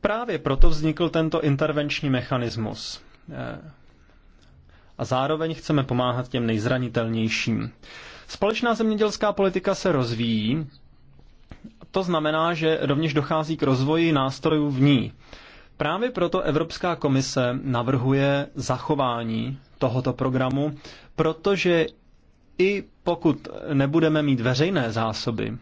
Právě proto vznikl tento intervenční mechanismus. Eh, a zároveň chceme pomáhat těm nejzranitelnějším. Společná zemědělská politika se rozvíjí to znamená, že rovněž dochází k rozvoji nástrojů v ní. Právě proto Evropská komise navrhuje zachování tohoto programu, protože i pokud nebudeme mít veřejné zásoby,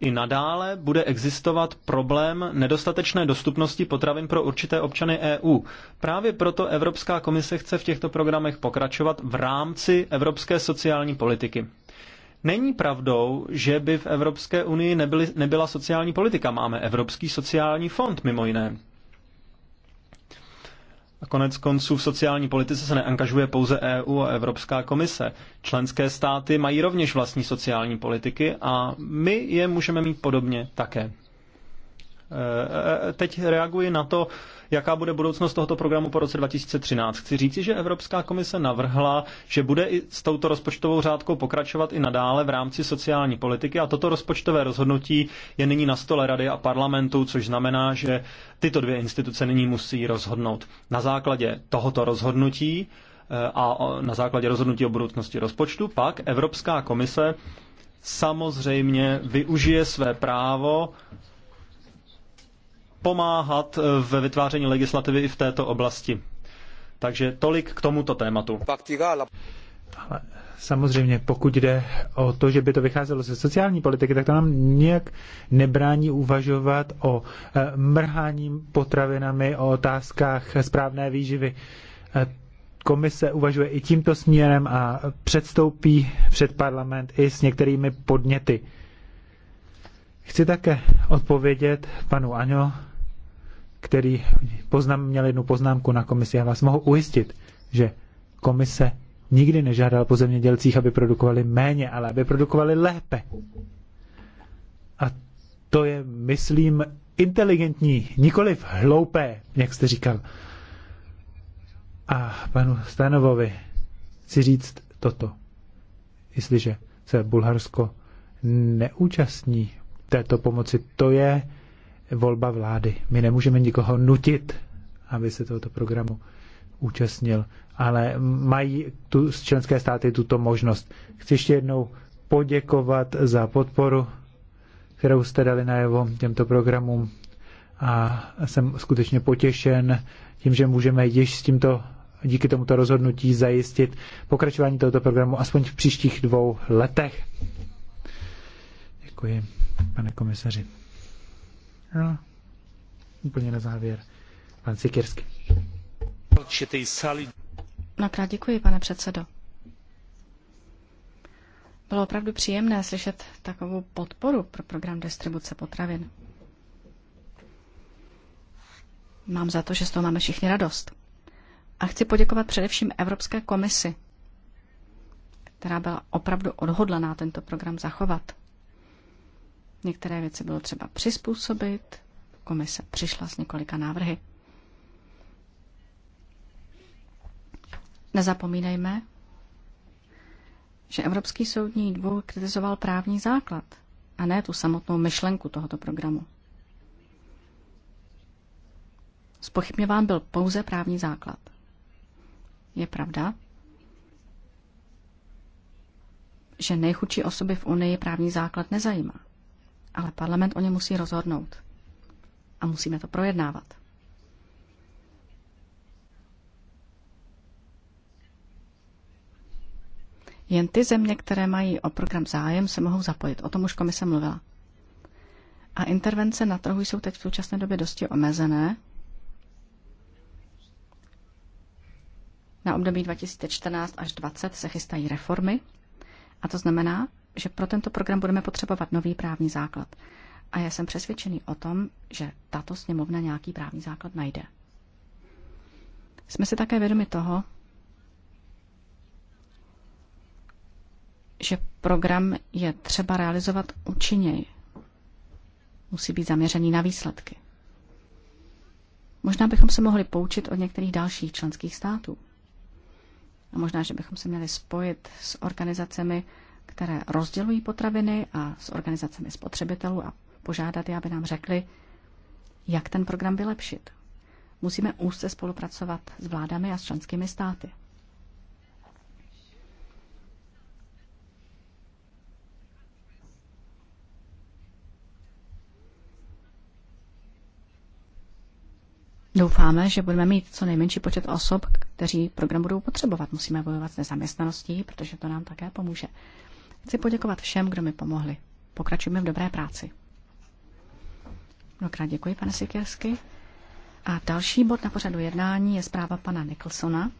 i nadále bude existovat problém nedostatečné dostupnosti potravin pro určité občany EU. Právě proto Evropská komise chce v těchto programech pokračovat v rámci evropské sociální politiky. Není pravdou, že by v Evropské unii nebyly, nebyla sociální politika. Máme Evropský sociální fond, mimo jiné. A konec konců v sociální politice se neangažuje pouze EU a Evropská komise. Členské státy mají rovněž vlastní sociální politiky a my je můžeme mít podobně také. Eh, eh, teď reaguji na to, jaká bude budoucnost tohoto programu po roce 2013. Chci říci, že Evropská komise navrhla, že bude i s touto rozpočtovou řádkou pokračovat i nadále v rámci sociální politiky a toto rozpočtové rozhodnutí je nyní na stole Rady a parlamentu, což znamená, že tyto dvě instituce nyní musí rozhodnout. Na základě tohoto rozhodnutí eh, a na základě rozhodnutí o budoucnosti rozpočtu pak Evropská komise samozřejmě využije své právo pomáhat eh, ve vytváření legislativy i v této oblasti. Takže tolik k tomuto tématu. Ale samozřejmě, pokud jde o to, že by to vycházelo ze sociální politiky, tak to nám nějak nebrání uvažovat o eh, mrhání potravinami, o otázkách správné výživy. Eh, komise uvažuje i tímto směrem a předstoupí před parlament i s některými podněty. Chci také odpovědět panu Aňo který poznám, měl jednu poznámku na komisi. Já vás mohu ujistit, že komise nikdy nežádal po zemědělcích, aby produkovali méně, ale aby produkovali lépe. A to je, myslím, inteligentní, nikoliv hloupé, jak jste říkal. A panu Stanovovi chci říct toto. Jestliže se Bulharsko neúčastní této pomoci, to je volba vlády. My nemůžeme nikoho nutit, aby se tohoto programu účastnil, ale mají tu členské státy tuto možnost. Chci ještě jednou poděkovat za podporu, kterou jste dali najevo těmto programům a jsem skutečně potěšen tím, že můžeme již s tímto díky tomuto rozhodnutí zajistit pokračování tohoto programu aspoň v příštích dvou letech. Děkuji, pane komisaři. No, úplně na závěr. Pan Sikirsky. Mnohokrát děkuji, pane předsedo. Bylo opravdu příjemné slyšet takovou podporu pro program distribuce potravin. Mám za to, že z toho máme všichni radost. A chci poděkovat především Evropské komisi, která byla opravdu odhodlaná tento program zachovat. Některé věci bylo třeba přizpůsobit, komise přišla s několika návrhy. Nezapomínejme, že Evropský soudní dvůr kritizoval právní základ a ne tu samotnou myšlenku tohoto programu. Spochybňován byl pouze právní základ. Je pravda, že nejchudší osoby v Unii právní základ nezajímá ale parlament o ně musí rozhodnout. A musíme to projednávat. Jen ty země, které mají o program zájem, se mohou zapojit. O tom už komise mluvila. A intervence na trhu jsou teď v současné době dosti omezené. Na období 2014 až 2020 se chystají reformy. A to znamená, že pro tento program budeme potřebovat nový právní základ. A já jsem přesvědčený o tom, že tato sněmovna nějaký právní základ najde. Jsme si také vědomi toho, že program je třeba realizovat účinněji. Musí být zaměřený na výsledky. Možná bychom se mohli poučit od některých dalších členských států. A možná, že bychom se měli spojit s organizacemi, které rozdělují potraviny a s organizacemi spotřebitelů a požádat je, aby nám řekli, jak ten program vylepšit. Musíme úzce spolupracovat s vládami a s členskými státy. Doufáme, že budeme mít co nejmenší počet osob, kteří program budou potřebovat. Musíme bojovat s nezaměstnaností, protože to nám také pomůže. Chci poděkovat všem, kdo mi pomohli. Pokračujeme v dobré práci. Mnohokrát děkuji, pane Sikersky. A další bod na pořadu jednání je zpráva pana Nicholsona.